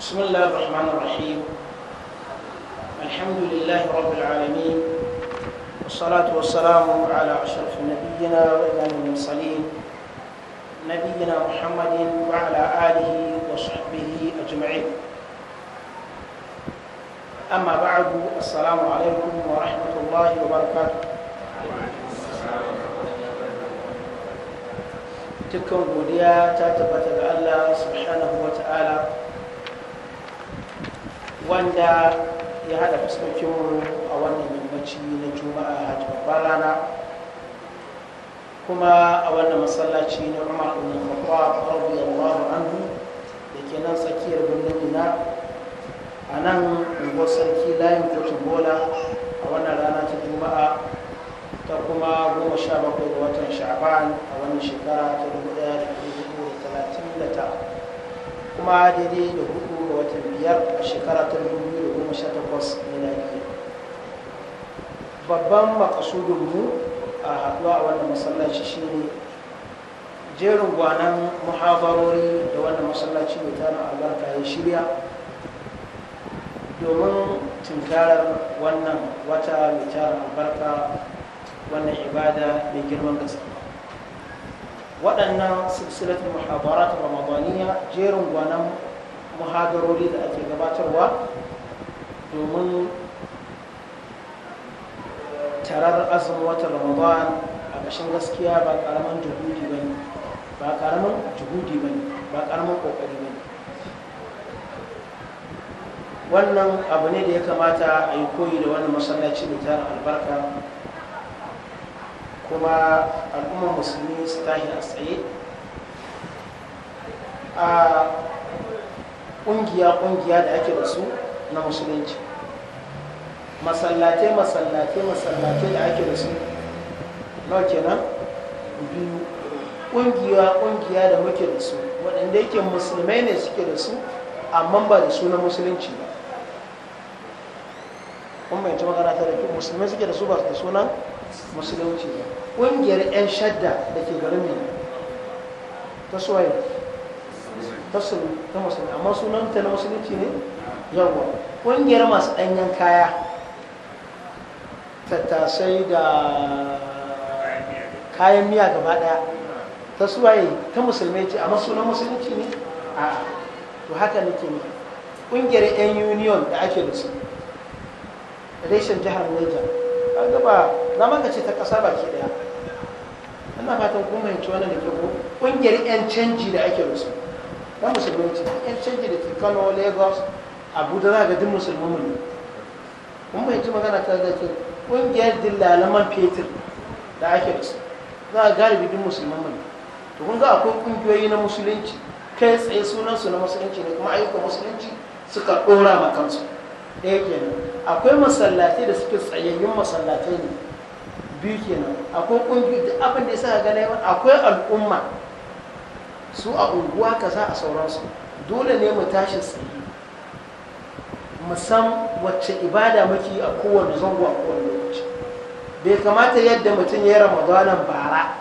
بسم الله الرحمن الرحيم الحمد لله رب العالمين والصلاة والسلام على أشرف نبينا وإمام المرسلين نبينا محمد وعلى آله وصحبه أجمعين أما بعد السلام عليكم ورحمة الله وبركاته تكون godiya ta الله سبحانه وتعالى wanda ya hada fuskokinmu a wannan yammaci na juma'a ta babbar rana kuma a wannan masallaci na umar ibn khattab radiyallahu anhu da ke nan tsakiyar birnin mina a nan unguwar sarki layin kotun bola a wannan rana ta juma'a ta kuma goma sha bakwai ga watan sha'ban a wannan shekara ta dubu daya da dubu kuma daidai da hudu watan biyar a shekara ta 2018 miladiya babban makasudinmu a haduwa a wannan masallaci ne. jerin gwanan muhabarori da wannan masallaci mai tana albarka ya shirya domin tunkarar wannan wata mai tara albarka wannan ibada mai girman gaske waɗannan silsilatul muhabarat ramadaniya jerin gwanan muhadarori da ake gabatarwa domin eh, tarar azumin watan ramadan a ƙashin gaskiya ba ƙaramin jihudi ba ne ba ƙaramin jihudi ba ne ba ƙaramin ƙoƙari ba ne wannan abu ne da ya kamata a yi koyi da wannan masallaci mai tarin albarka kuma al'ummar musulmi su tashi a tsaye a ƙungiya-ƙungiya da ake da su na musulunci masallatai-masallatai-masallatai da ake da su nawa kenan biyu ƙungiya-ƙungiya da muke da su waɗanda yake musulmai ne suke da su amma ba da su na musulunci ba kuma yanci magana ta da musulmai suke da su ba da sunan musulunci ba ƙungiyar 'yan shadda da ke garin ne ta suwaye ta musulmi amma sunan ta na musulunci ne yawwa ƙungiyar masu ɗanyen kaya tattasai da kayan miya gaba ɗaya ta suwaye ta musulmai ce amma sunan musulunci ne a to haka nake ne ƙungiyar yan union da ake da su reshen jihar niger a gaba na maka ce ta ƙasa baki ɗaya ana fatan kuma yanci wannan da ke ko ƙungiyar yan canji da ake da su ta musulunci in canji da ke kano lagos abuja za ga duk musulmi ne kun bai ji magana ta da ke ƙungiyar dillalaman fetur da ake da su za a galibi duk musulman ne to kun ga akwai ƙungiyoyi na musulunci kai tsaye sunansu na musulunci ne kuma ayyukan musulunci suka ɗora ma kansu ɗaya kenan akwai masallatai da suke tsayayyun masallatai ne biyu kenan akwai ƙungiyoyi duk abin da ya sa ga akwai al'umma su a unguwa kaza a sauransu dole ne mu tashi tsaye mu san wacce ibada muke a kowane zango a kowane lokaci bai kamata yadda mutum ya yi ramadanan bara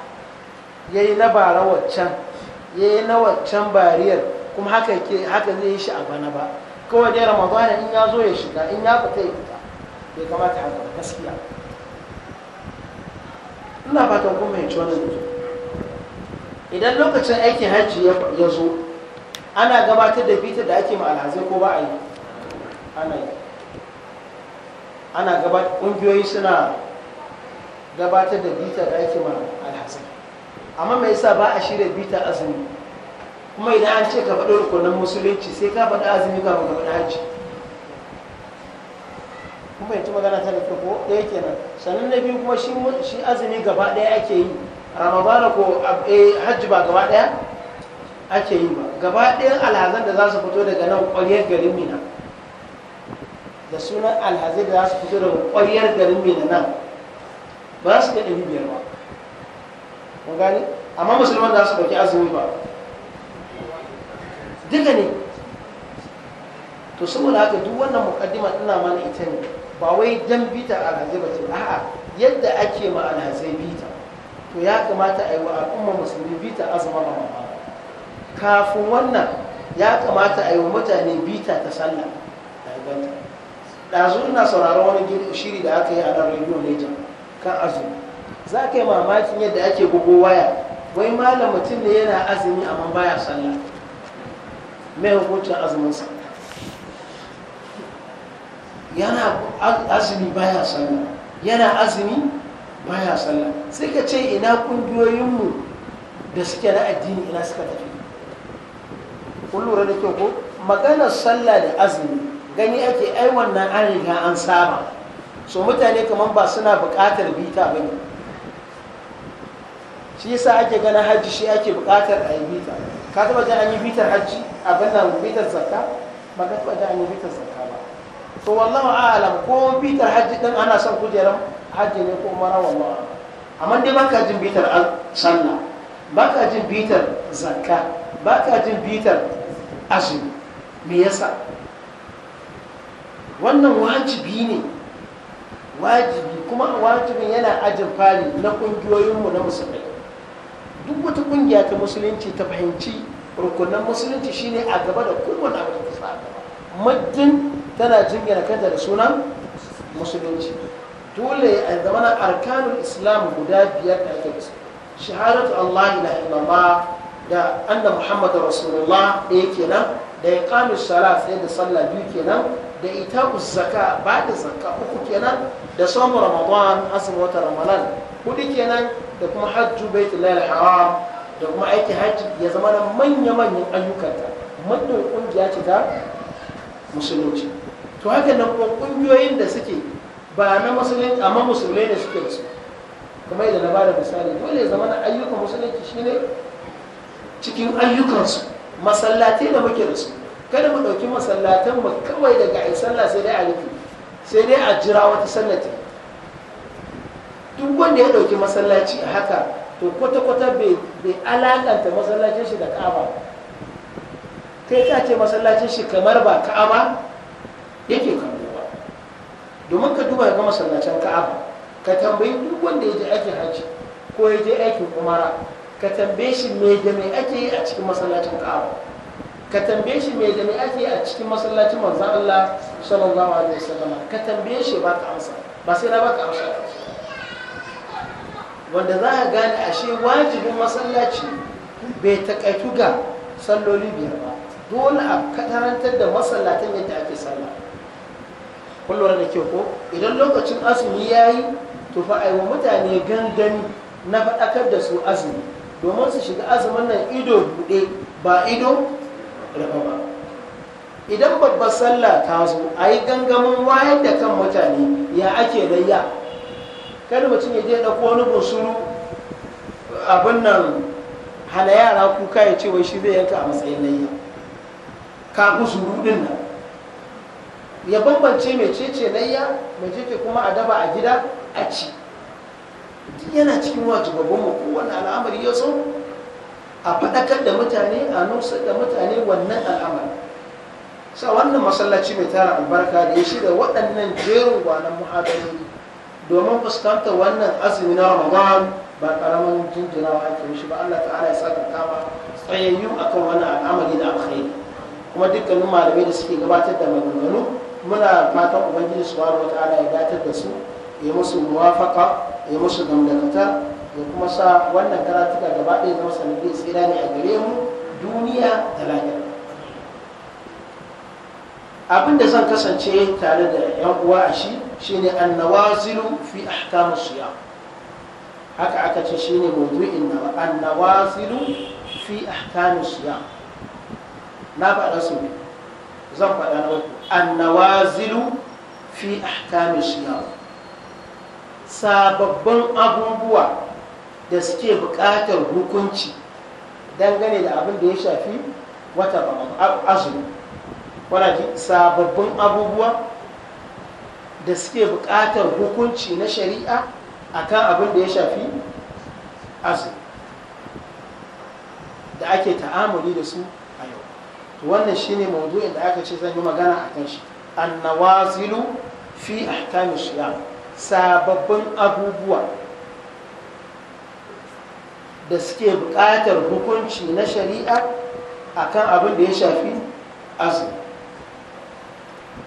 ya yi na bara waccan ya yi na waccan bariyar kuma haka haka zai yi shi a bana ba kawai dai ramadanan in ya zo ya shiga in ya fita ya fita bai kamata haka gaskiya ina fatan kuma ya ci mutum idan lokacin aikin hajji ya zo ana gabatar da fitar da ake ma'alazai ko ba a yi ana yi ana gabatar ƙungiyoyi suna gabatar da bitar da ake ma alhazai amma mai yasa ba a shirya bitar azumi kuma idan an ce ka faɗi rukunan musulunci sai ka faɗi azumi kafin ka faɗi hajji kuma yanzu magana ta da ko ɗaya kenan sannan na biyu kuma shi azumi gaba ɗaya ake yi ramadana ko eh, hajji ba gaba daya ake yi ba gaba ɗayan alhazan da za su fito daga nan ƙwaryar garin mina da sunan alhazai da za su fito daga ƙwaryar garin mina nan ba su ga ɗari biyar ba kun gani amma musulman za su ɗauki azumi ba duka ne to saboda haka duk wannan mukaddima ina mana ita ne ba wai dan bita alhazai ba ce a'a yadda ake ma alhazai bita to ya kamata a yi wa al'ummar musulmi bita azumin ramadan kafin wannan ya kamata a yi wa mutane bita ta sallah a ɗazu ina sauraron wani shiri da aka yi a nan rediyo ne kan azumi za ka yi mamakin yadda ake gugu waya wai malam mutum ne yana azumi amma baya sallah mai hukuncin azuminsa yana azumi baya sallah yana azumi baya sallah sai ka ce ina kungiyoyinmu da suke na addini ina suka tafi kun lura da kyau ko maganar sallah da azumi gani ake ai wannan an riga an saba so mutane kamar ba suna buƙatar bita ba ne shi yasa ake ganin hajji shi ake buƙatar a yi bita ka taɓa jin an yi bitar hajji abin nan bitar zakka ba ka taɓa jin an yi bitar zakka ba to wallahu a'alam ko bitar hajji din ana son kujerar hajji ne ko umara wallahu amma dai baka jin bitar sallah baka jin bitar zakka baka jin bitar azumi me yasa wannan wajibi ne wajibi kuma wajibin yana ajin fari na kungiyoyinmu na musulmai duk wata kungiya ta musulunci ta fahimci rukunan musulunci shine a gaba da kowane abu da ta sa a gaba muddin tana jingina kanta da sunan musulunci dole a zamanin arkanun islam guda biyar da ake shahadatu allah ilaha da anna muhammad rasulullah da kenan da ya sai da sallah biyu kenan da ita zaka ba da zaka uku kenan da samun ramadan azumin wata ramadan hudu kenan da kuma hajju baitullahi haram da kuma aiki hajji ya zama na manya-manyan ayyukanta manyan kungiya ce ta musulunci to haka nan ƙungiyoyin da suke ba na musulunci amma musulmai ne suke da su kuma yadda na ba da misali dole zama na ayyukan musulunci shine cikin ayyukansu masallatai da muke da su kada mu ɗauki masallatan mu kawai daga ai sallah sai dai a rufe sai dai a jira wata sallati duk wanda ya ɗauki masallaci a haka to kwata-kwata bai alakanta masallacin shi da ka'aba kai ka ce masallacin shi kamar ba ka'aba yake kamar domin ka duba ga masallacin ka'aba ka tambayi duk wanda ya je aikin hajji ko ya je aikin umara ka tambaye shi me da me ake yi a cikin masallacin ka'aba ka tambaye shi me da me ake yi a cikin masallacin manzo Allah sallallahu alaihi wasallam ka tambaye shi ba ka amsa ba sai na ba ka amsa wanda za ka gane ashe wajibin masallaci bai takaitu ga salloli biyar ba dole a kadarantar da masallatan yadda ake sallah kun da kyau ko idan lokacin azumi ya yi to fa aiwa mutane gangan na faɗakar da su azumi domin su shiga azumin nan ido buɗe ba ido raba ba idan babbar sallah ta zo a yi gangamin wayar da kan mutane ya ake layya kada mutum ya je ɗauko wani bunsuru abin nan hana yara kuka ya ce wai shi zai yanka a matsayin nayi ka kusuru ɗin nan ya bambance mecece mai mecece kuma a daba a gida a ci yana cikin babban mako, kowane al'amari ya zo a faɗakar da mutane a nusar da mutane wannan al'amari sa wannan masallaci mai tara albarka da ya shirya waɗannan jerin gwanon muhadarori domin fuskantar wannan azumi na ramadan ba karamin jinjinawa ake mishi ba allah ta'ala ya saka kama tsayayyu akan wannan al'amari na alkhairi kuma dukkanin malamai da suke gabatar da maganganu muna fatan ubangiji subhanahu wataala ya datar da su ya musu muwafaka ya musu dangantaka ya kuma sa wannan karatuka gaba ɗaya zama sanadiyar tsira ne a gare mu duniya da lahira abin da zan kasance tare da yan uwa a shi shine annawazilu fi ahkamu siya. haka aka ce shine mawdu'in nawa annawazilu fi ahkamu siya. na faɗa su zan faɗa na uku annawazilu fi ahkamin shiyam sababbin abubuwa da suke buƙatar hukunci dangane da abin da ya shafi wata azumi ji sababbin abubuwa da suke buƙatar hukunci na shari'a akan abin da ya shafi azumi da ake ta'amuli da su wannan shine mawdu'in da aka ce zan yi magana a kan shi annawazilu fi ahkami siyam sababbin abubuwa da suke buƙatar hukunci na shari'a akan abin da ya shafi azumi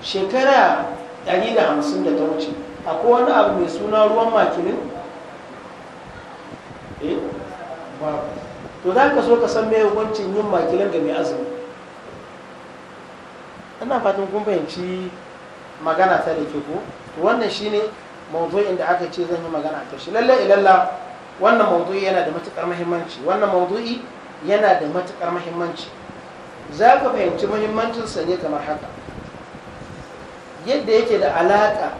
shekara 150 da ta wuce akwai wani abu mai suna ruwan makinin eh, to za ka so ka san mai hukuncin yin makilin ga mai azumi ina fatan kun fahimci magana ta da ke ku to wannan shine mawdu'in da aka ce zan yi magana a shi lalle ilalla wannan mawdu'i yana da matukar muhimmanci wannan mawdu'i yana da matukar muhimmanci za ka fahimci muhimmancin sa ne kamar haka yadda yake da alaka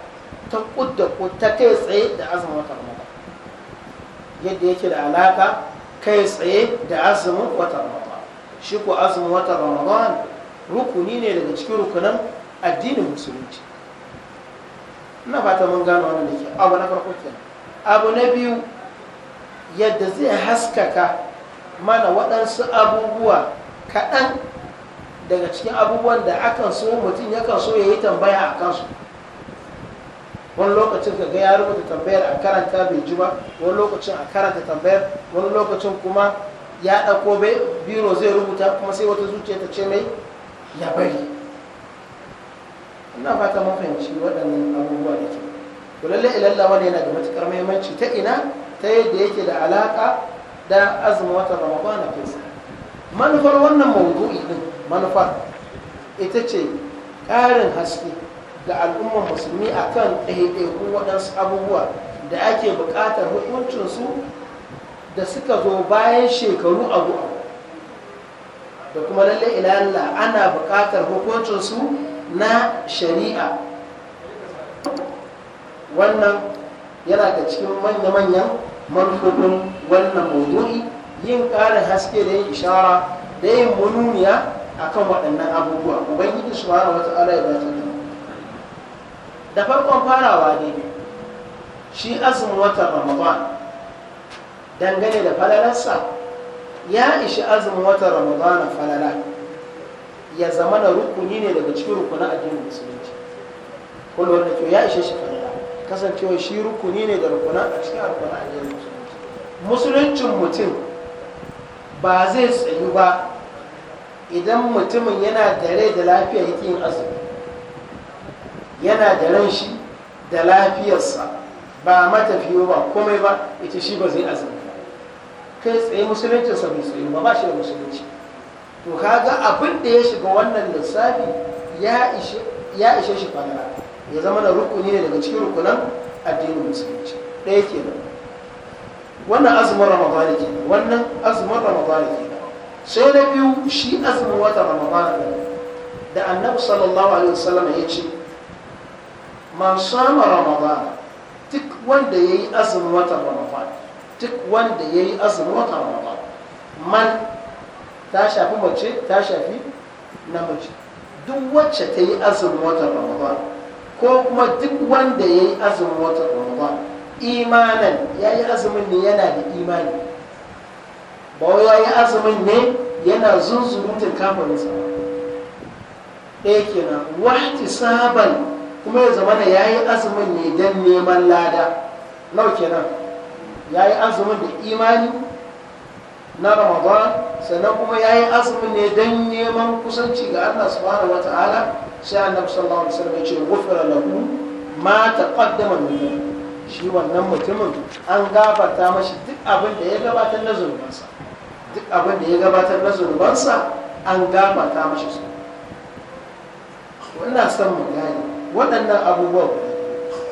ta kudda ko ta kai tsaye da azumin wata ramadan yadda yake da alaka kai tsaye da azumin wata ramadan shi ko azumin wata ramadan rukuni ne daga cikin rukunan addinin musulunci ina fata mun gano wannan da ke abu na farko ke abu na biyu yadda zai haskaka mana waɗansu abubuwa kaɗan daga cikin abubuwan da akan so mutum yakan so ya yi tambaya a kansu wani lokacin ka ga ya rubuta tambayar a karanta bai ji ba wani lokacin a karanta tambayar wani lokacin kuma ya ɗauko biro zai rubuta kuma sai wata zuciya ta ce mai ya bari ina fata mafanci waɗannan abubuwa da ke kulalle ilalla wani yana da matukar muhimmanci ta ina ta yadda yake da alaƙa da azumin watan na fesa. manufar wannan mawdu'i din manufar ita ce ƙarin haske ga al'ummar musulmi a kan ɗaiɗaiku waɗansu abubuwa da ake buƙatar hukuncinsu da suka zo bayan shekaru abu abu da kuma lalle ilalla ana buƙatar su na shari'a wannan yana da cikin manya-manyan manufofin wannan mawudu'i yin ƙarin haske da yin ishara da yin manuniya kan waɗannan abubuwa ubangiji wata ala ya dace da da farkon farawa ne shi azumin watan ramadan dangane da falalarsa ya ishi azumin watan ramadana falala ya zama na rukuni ne daga cikin rukunin addinin musulunci kullum wanda ke ya ishe shi falala kasancewa shi rukuni ne da rukunan a cikin rukunin addinin musulunci musuluncin mutum ba zai tsayu ba idan mutumin yana da rai da lafiya yake yin azumi yana da ran shi da lafiyarsa ba matafiyo ba komai ba ita shi ba zai azumi kai tsaye musulunci sa bai tsaye ba ba shi da musulunci to kaga abin da ya shiga wannan lissafi ya ishe shi fadara ya zama da rukuni ne daga cikin rukunan addinin musulunci ɗaya ke nan, wannan azumin ramadan kenan wannan azumin ramadan da. sai na biyu shi azumin wata ramadan da annabi sallallahu alaihi wasallam ya ce man sama ramadan duk wanda ya yi azumin wata ramadan duk wanda ya yi azumin wata ramadan man ta shafi mace ta shafi namiji duk wacce ta yi azumin wata ramadan ko kuma duk wanda ya yi azumin wata ramadan imanan ya yi azumin ne yana da imani ba ya yi azumin ne yana zunzurutun zama ɗaya kenan wahti saban kuma ya zama da ya yi azumin ne don neman lada nau kenan ya yi azumin da imani na ramadan sannan kuma ya yi azumin ne don neman kusanci ga allah subhanahu wa ta'ala sai annabi sallallahu alaihi wasallam ya ce gufira lahu ma taqaddama min shi wannan mutumin an gafarta mashi duk abin da ya gabatar na zunubansa duk abin da ya gabatar na zunubansa an gafarta mashi su wannan san mu gane waɗannan abubuwa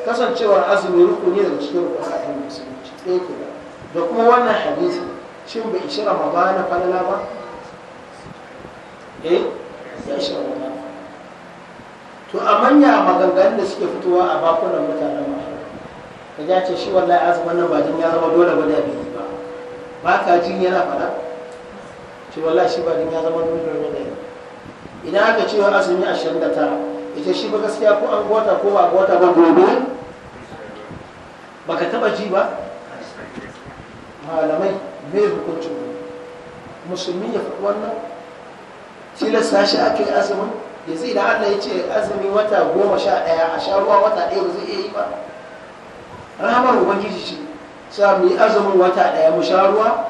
kasancewar azumi rukuni daga cikin rukuni ɗaya da kuma wannan hadisi shin bai ishi ramadana falala ba eh ya ishi ramadana to a manya maganganun da suke fitowa a bakunan mutanen mahaifa ka ja ce shi wallahi azumin nan ba jin ya zama dole ba da biyu ba ba ka jin yana fada ce wallahi shi ba jin ya zama dole ba da idan aka ce azumi ashirin da tara ita shi ba gaskiya ko an gota ko ba gota ba gobe ba ka taba ji ba malamai mai hukuncin musulmi ya faɗi wannan tilasta shi ake azumin Ya zai da allah ya ce azumi wata goma sha ɗaya a sha ruwa wata ɗaya ba zai iya yi ba rahamar ubangiji ce sa mu yi azumin wata ɗaya mu sha ruwa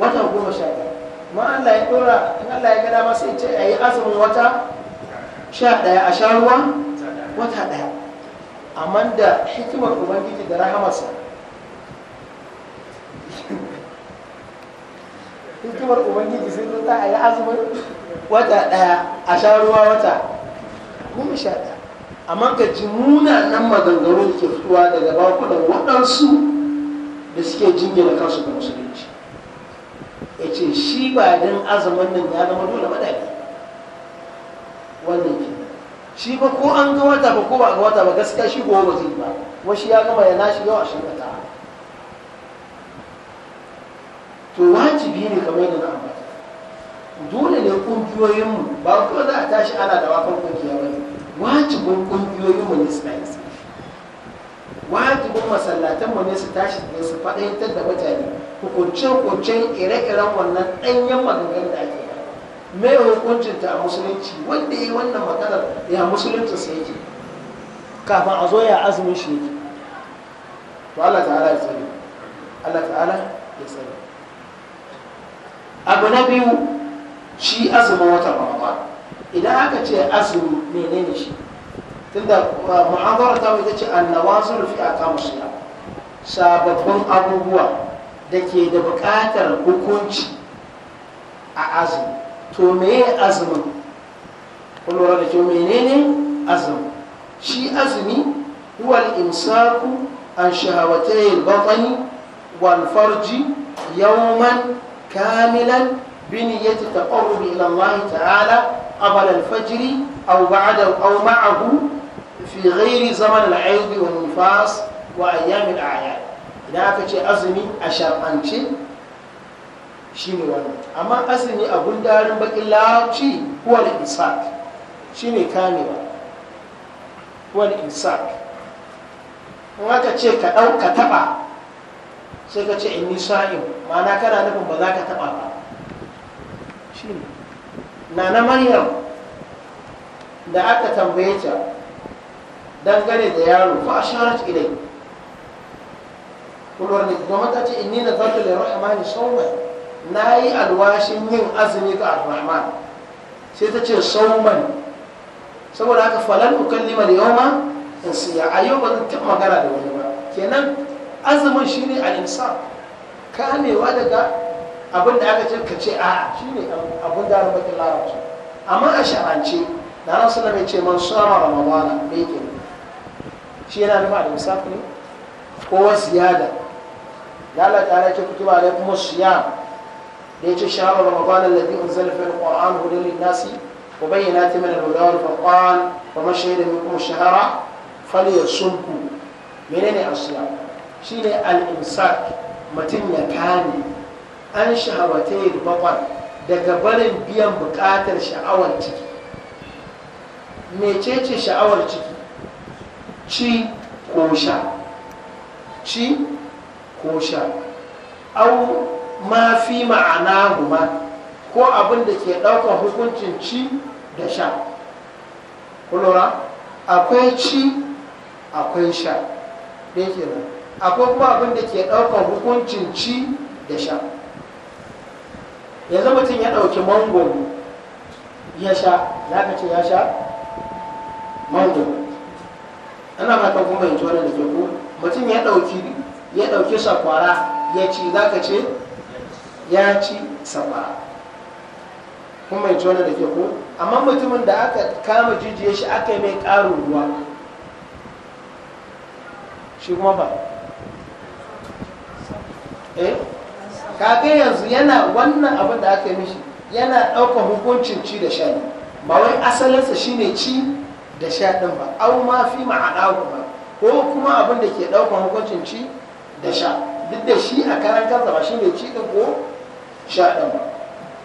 wata goma sha ɗaya ma allah ya ɗora in allah ya gada masa ya ce a yi azumin wata sha ɗaya a sha ruwa wata ɗaya amma da hikimar ubangiji da rahamarsa hikimar ubangiji sai zo ta a yi azumin wata ɗaya a sha ruwa wata goma sha ɗaya amma ka ji munanan maganganu da ke fitowa daga da waɗansu da suke jingina kansu da musulunci ya ce shi ba don azumin nan ya zama dole madadi wannan ke shi ba ko an ga wata ba ko ba a ga wata ba gaskiya shi ba zai ba wasu ya gama ya nashi yau a shirya ta to wajibi ne kamar yadda na ambata dole ne kungiyoyinmu ba ko za a tashi ana da wakan kungiya ba ne wajibin kungiyoyinmu ne su tayi wajibin masallatanmu ne su tashi ne su faɗaitar da mutane hukuncin-hukuncin ire-iren wannan ɗanyen maganganun da ake mai hukuncin a musulunci wanda ya yi wannan maganar ya musulunci sai yake kafin a zo ya azumin shi yake to Allah ta'ala ya tsare Allah ta'ala ya tsare abu na biyu shi azumin watan ramadan idan aka ce azumi menene shi tunda uh, muhadara ta ita ce annawazir fi aqamu suna. sababbin abubuwa da ke da buƙatar hukunci a azumi to meye azumin kullura da kyau menene azumi shi azumi huwa al-imsaku an shahawatayil batani wal farji yawman كاملا بنية التقرب إلى الله تعالى قبل الفجر أو بعد أو معه في غير زمن العيد والنفاس وأيام الأعياد إذا أكتش أزمي أشرعنش شيني وانا أما أزمي أبن دارن بك إلا شي هو الإنساك شيني كاملا هو الإنساك وأكتش كأو كتبع sai ka ce in yi sa'in ma'ana kana nufin ba za ka taɓa ba shi ne nana maryam da aka tambaye ta dangane da yaro fa asharat ilai kulwar ne domin ta ce inni na zartu da rahmani sauman na yi alwashin yin azumi ga ar-rahman sai ta ce sauman saboda haka falan ukallima da yau ma in siya a yau ba zan taɓa magana da wani ba kenan azumin shi ne al'insa kamewa daga abin da aka ce ka ce a shi ne abin da rabata larabci amma a sharance da nan suna mai ce man sama ramadana da yake shi yana nufa al'insa ne ko wasu yada lalata ya ce kutuba alaikum siyam da ya ce shahara ramadana alladhi unzila fil qur'an hudan lin-nasi وبينات من الهدى والفرقان ومن شهد منكم الشهر فليصمه a الصيام shine al-imsak mutum ya kane an shahawata yin bakwai daga barin biyan bukatar sha'awar ciki mecece sha'awar ciki ci ko sha ci ko sha au ma fi ma'ana guma ko abin da ke ɗaukar hukuncin ci da sha kulura akwai ci akwai sha ɗaya kenan akwai kuma abin da ke ɗaukar hukuncin ci da sha yanzu mutum ya ɗauki mangoro ya sha za ka ce ya sha mangoro ana ba ta kuma yanzu wani da ke ku mutum ya ɗauki ya ɗauki sakwara ya ci za ka ce ya ci sakwara kuma yanzu wani da ke ku amma mutumin da aka kama jijiyar shi aka yi mai ƙarin ruwa shi kuma ba eh kaga yanzu yana wannan abin da aka yi mishi yana ɗaukar hukuncin ci da sha ba wai asalinsa shine ci da sha ɗin ba au ma fi ma'ana ba, ko kuma abin da ke ɗaukar hukuncin ci da sha duk da shi a karan kansa ba shine ci ɗin ko sha ɗin ba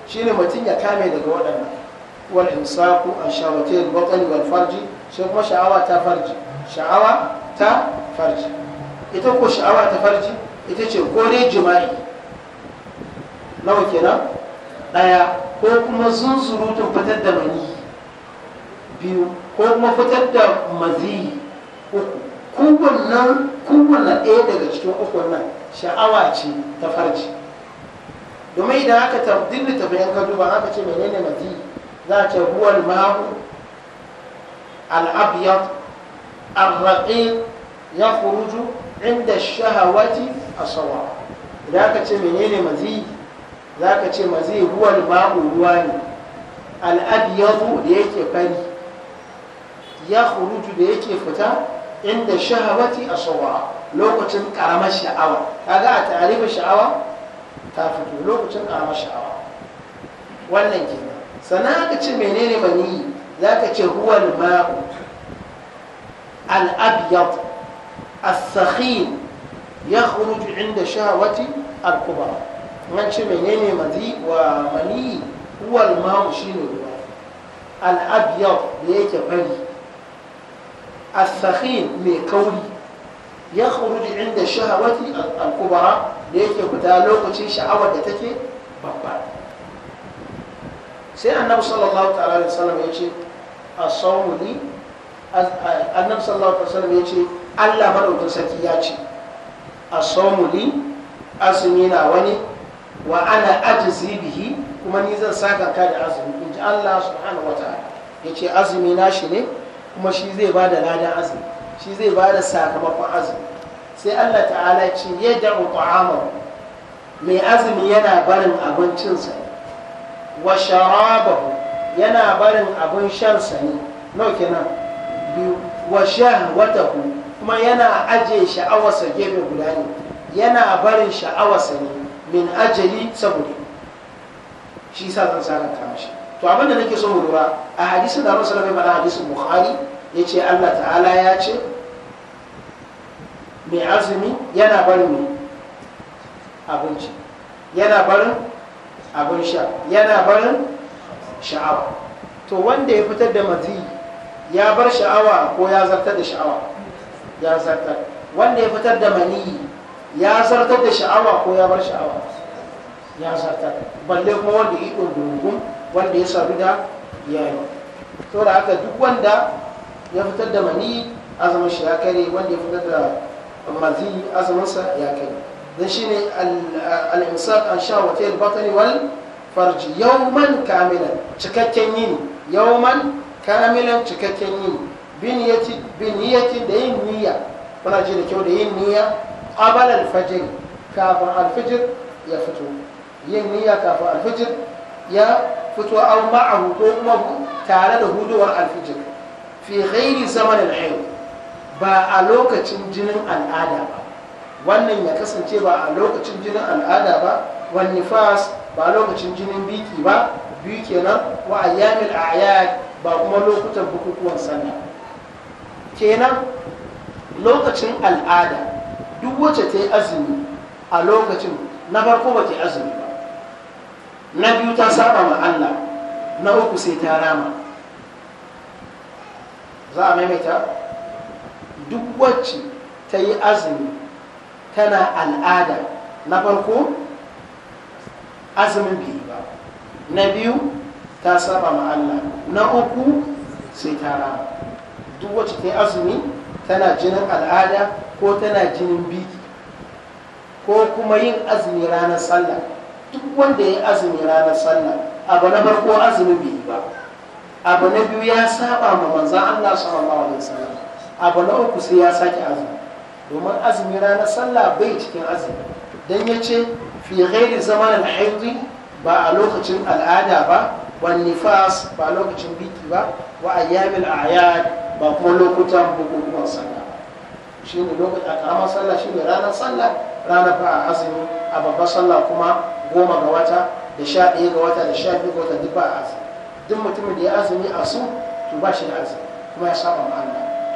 shine mutum ya kame daga waɗannan wal insaku an shawatil batni wal farji shi kuma sha'awa ta farji sha'awa ta farji ita ko sha'awa ta farji ita ce ko dai jima'i nawa kenan ɗaya ko kuma zunzurutun fitar da mani biyu ko kuma fitar da mazi uku kowannan kowannan ɗaya daga cikin uku nan sha'awa ce ta farji domin idan aka tabdin da tafiyan ka duba aka ce menene mazi za a ce huwal ma'u al-abyad الرقيق يخرج عند الشهوات asawa za ka ce menene mazi za ka ce mazi huwal ma'u ruwa ne al'abiyadu da yake fari ya hurutu da yake fita inda shahawati asawa lokacin karamar sha'awa ga a tarifin sha'awa ta fito lokacin karamar sha'awa wannan kenan sannan aka ce menene maniyi za ka ce huwal ma'u al'abiyadu as-sakhin ya khuruju inda shahawati al-kubra man ce menene mazi wa mani huwal ma'u shine ruwa al-abyad da yake fari as-sakhin mai kauri ya khuruju inda shahawati al-kubra da yake fita lokacin sha'awar da take babba sai annabi sallallahu ta'ala alaihi wasallam ya ce as-sawmu li annabi sallallahu ta'ala alaihi wasallam ya ce Allah madaukakin sarki ya ce asomu sawmu azumi na wani wa ana ajzi bihi kuma ni zan saka ka da azumi in ji Allah subhanahu wa ta'ala yace azumi na shi ne kuma shi zai bada ladan azumi shi zai bada sakamakon azumi sai Allah ta'ala ce ya da ta'amahu mai azumi yana barin abincinsa wa sharabahu yana barin abin shansa ne nau kenan wa shahwatahu kuma yana aje sha'awarsa gefe guda ne yana barin sha'awarsa ne min ajali saboda shi sa zan sa ranka mashi to abin da nake so mu lura a hadisin da Rasul bai faɗa hadisin Bukhari yace Allah ta'ala ya ce mai azumi yana barin abinci yana barin abin sha yana barin sha'awa to wanda ya fitar da mazi ya bar sha'awa ko ya zartar da sha'awa ya zartar wanda ya fitar da mani ya zartar da sha'awa ko ya bar sha'awa ya zartar balle kuma wanda ya ɗungun wanda ya saru da ya yi to da haka duk wanda ya fitar da mani azumin shi ya kare wanda ya fitar da mazi sa ya kare dan shine al-imsak an shawati al-batni wal farji yawman kamilan cikakken yini yawman kamilan cikakken yini biniyatin da yin niyya kuna ji da kyau da yin niyya qabala alfajr kafin alfijir ya fito yin niyya kafin alfijir ya fito an ma'ahu ko kuma tare da huduwar alfijir fi ghairi zaman al'ayn ba a lokacin jinin al'ada ba wannan ya kasance ba a lokacin jinin al'ada ba wani fas ba a lokacin jinin biki ba biyu kenan wa ayyamil a'yad ba kuma lokutan bukukuwan sannan. kenan lokacin al'ada duk wacce ta yi azumi a lokacin na farko ba ta yi azumi ba na biyu ta saba ma Allah na uku sai ta rama za a maimaita duk wacce ta yi azumi tana al'ada na farko azumin bi ba na biyu ta saba ma Allah na uku sai ta rama duk wacce ta yi azumi tana jinin al'ada ko tana jinin biki ko kuma yin azumi ranar sallah duk wanda ya yi azumi ranar sallah abu na farko azumi bai yi ba abu na biyu ya saba ma manzan Allah sallallahu alaihi wasallam abu na uku sai ya sake azumi domin azumi ranar sallah bai cikin azumi dan ya ce fi ghairi zaman al ba a lokacin al'ada ba wan nifas ba a lokacin biki ba wa ayyamil a'yad ba kuma lokutan bukukuwan sallah shi ne lokacin karamar sallah shi ne ranar sallah ranar ba a azumi a babbar sallah kuma goma ga wata da sha ɗaya ga wata da sha biyu ga wata duk ba a azumi duk mutumin da ya azumi a su to ba shi da azumi kuma ya saba ma Allah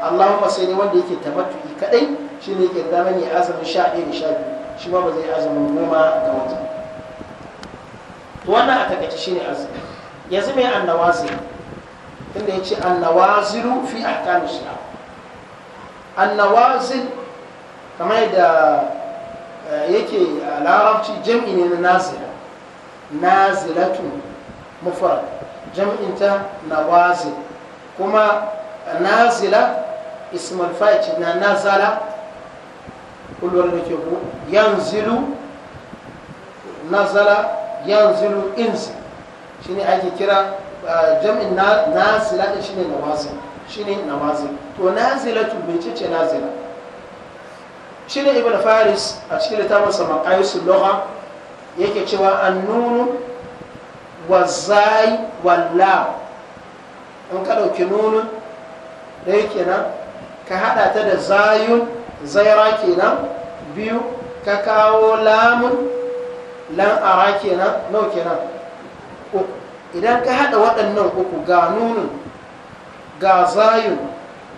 Allahumma sai ne wanda yake tamattu'i kadai shi ne yake da ne azumin sha ɗaya da sha biyu shi ma ba zai azumin goma ga wata to wannan a takaice ne azumi yanzu mai annawa zai da ya ce annawaziru fi ahkamu shari'a annawazil kamar yadda eh, yake a larabci jam'i ne na nazira nazilatu mufrad jam'in ta nawazil kuma nazila ismul faici na nazala kullu da ke ku yanzilu nazala yanzilu shi ne ake kira jam'in nazila din shine nawazil shine nawazil to nazilatu bai ce nazila shine ibn faris a cikin littafin sa maqayisul lugha yake cewa an annunu wazai walla in ka dauki nunun da yake nan ka hada ta da zayun zaira kenan biyu ka kawo lamun lan ara kenan nau kenan uku idan ka haɗa waɗannan uku ga nunin ga zayu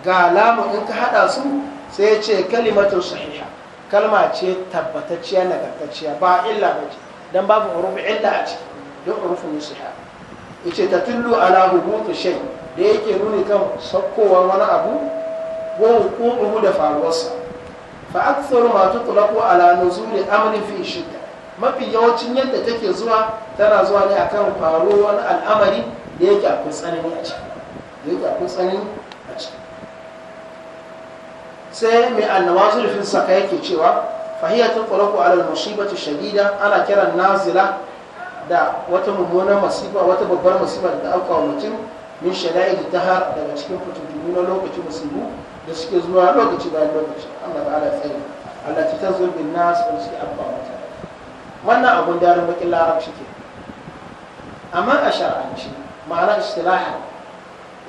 ga lamu in ka haɗa su sai ce kalimatu sahiha kalma ce tabbatacciya nagartacciya ba illa ba ce don babu urufu illa a ciki don urufu nusiha ice ta tullu ala hubutu shai da yake nuni kan saukowar wani abu ko hukumu da faruwarsa fa aktsaru ma tutlaqu ala nuzuri amrin fi shidda mafi yawancin yadda take zuwa tana zuwa ne akan faruwar wani al'amari da yake akwai tsanani a ciki da yake akwai tsanani a ciki sai mai annawazu rufin saka yake cewa fahiyar tulkulaku alal musibatu shadida ana kiran nazila da wata mummunar masifa wata babbar masifa da aka wa mutum min shada'id dahar daga cikin fitintunu na lokacin musibu da suke zuwa lokaci bayan lokaci Allah ta'ala tsare Allah ta zo bin nas wal abba mata wannan abun darin bakin larabci ke amma a shar'anci ma'ana istilaha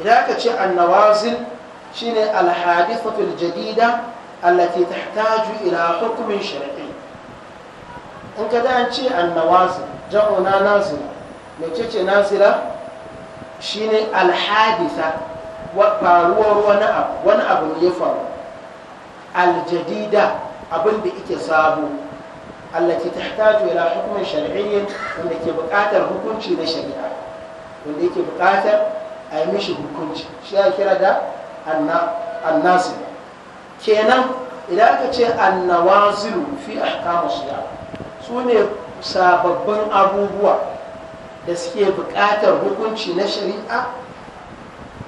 idan aka ce annawazil shine alhadithatul jadida allati tahtaju ila hukumin shar'i in ka da an ce annawazil jam'u na nazila ce nazila shine alhadisa faruwar wani abu wani abu ya faru aljadida abin da ike sabo allati tahtaju ila hukmin shar'iyyin wanda ke buƙatar hukunci na shari'a wanda yake buƙatar a yi mishi hukunci shi ya kira da annasu kenan idan aka ce annawazilu fi su ne sababbin abubuwa da suke buƙatar hukunci na shari'a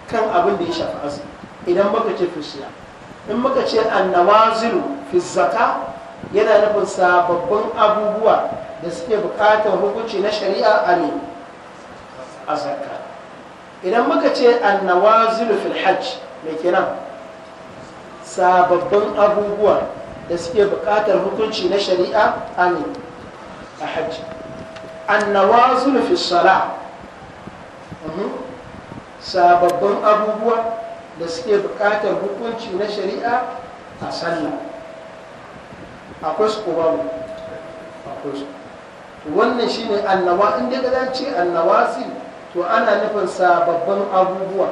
kan abin da ya shafi azumi idan muka ce fi in muka ce annawazilu fi zaka yana nufin sababbin abubuwa da suke bukatar hukunci na shari'a a ne a zakka idan muka ce annawazilu fil hajj mai kenan sababbin abubuwa da suke bukatar hukunci na shari'a a ne a hajji annawazilu fil sala mhm. sababbin abubuwa da suke bukatar hukunci na shari'a a sallah akwai su ko mu akwai su wannan shine annawa in dai ga ce annawasi to ana nufin sababbin abubuwa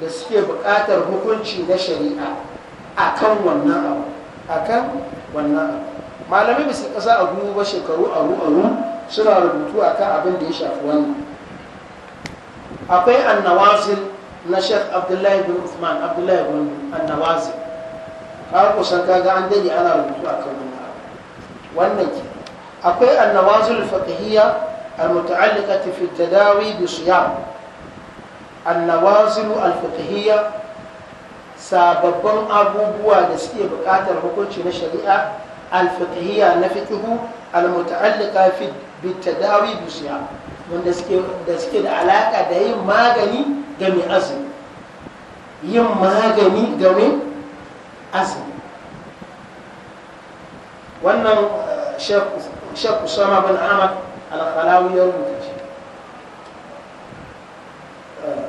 da suke buƙatar hukunci na shari'a akan wannan abu akan wannan abu malamai bisa ƙasa a gudu ba shekaru aru aru suna rubutu a kan abin da ya shafi wannan akwai annawazin na sheikh abdullahi bin uthman abdullahi bin annawazin ka kusan kaga an dade ana rubutu a wannan wannan ke akwai annawazul fiqhiyya almuta'alliqati fi tadawi bi siyam sababbin abubuwa da suke buƙatar hukunci na shari'a alfiqhiyya na fiqhu almuta'alliqa fi bi tadawi bi siyam wanda suke da suke da alaka da yin magani ga mai azumi yin magani ga mai azumi wannan shek usama bin ahmad alkhalawi ya rubuta shi eh,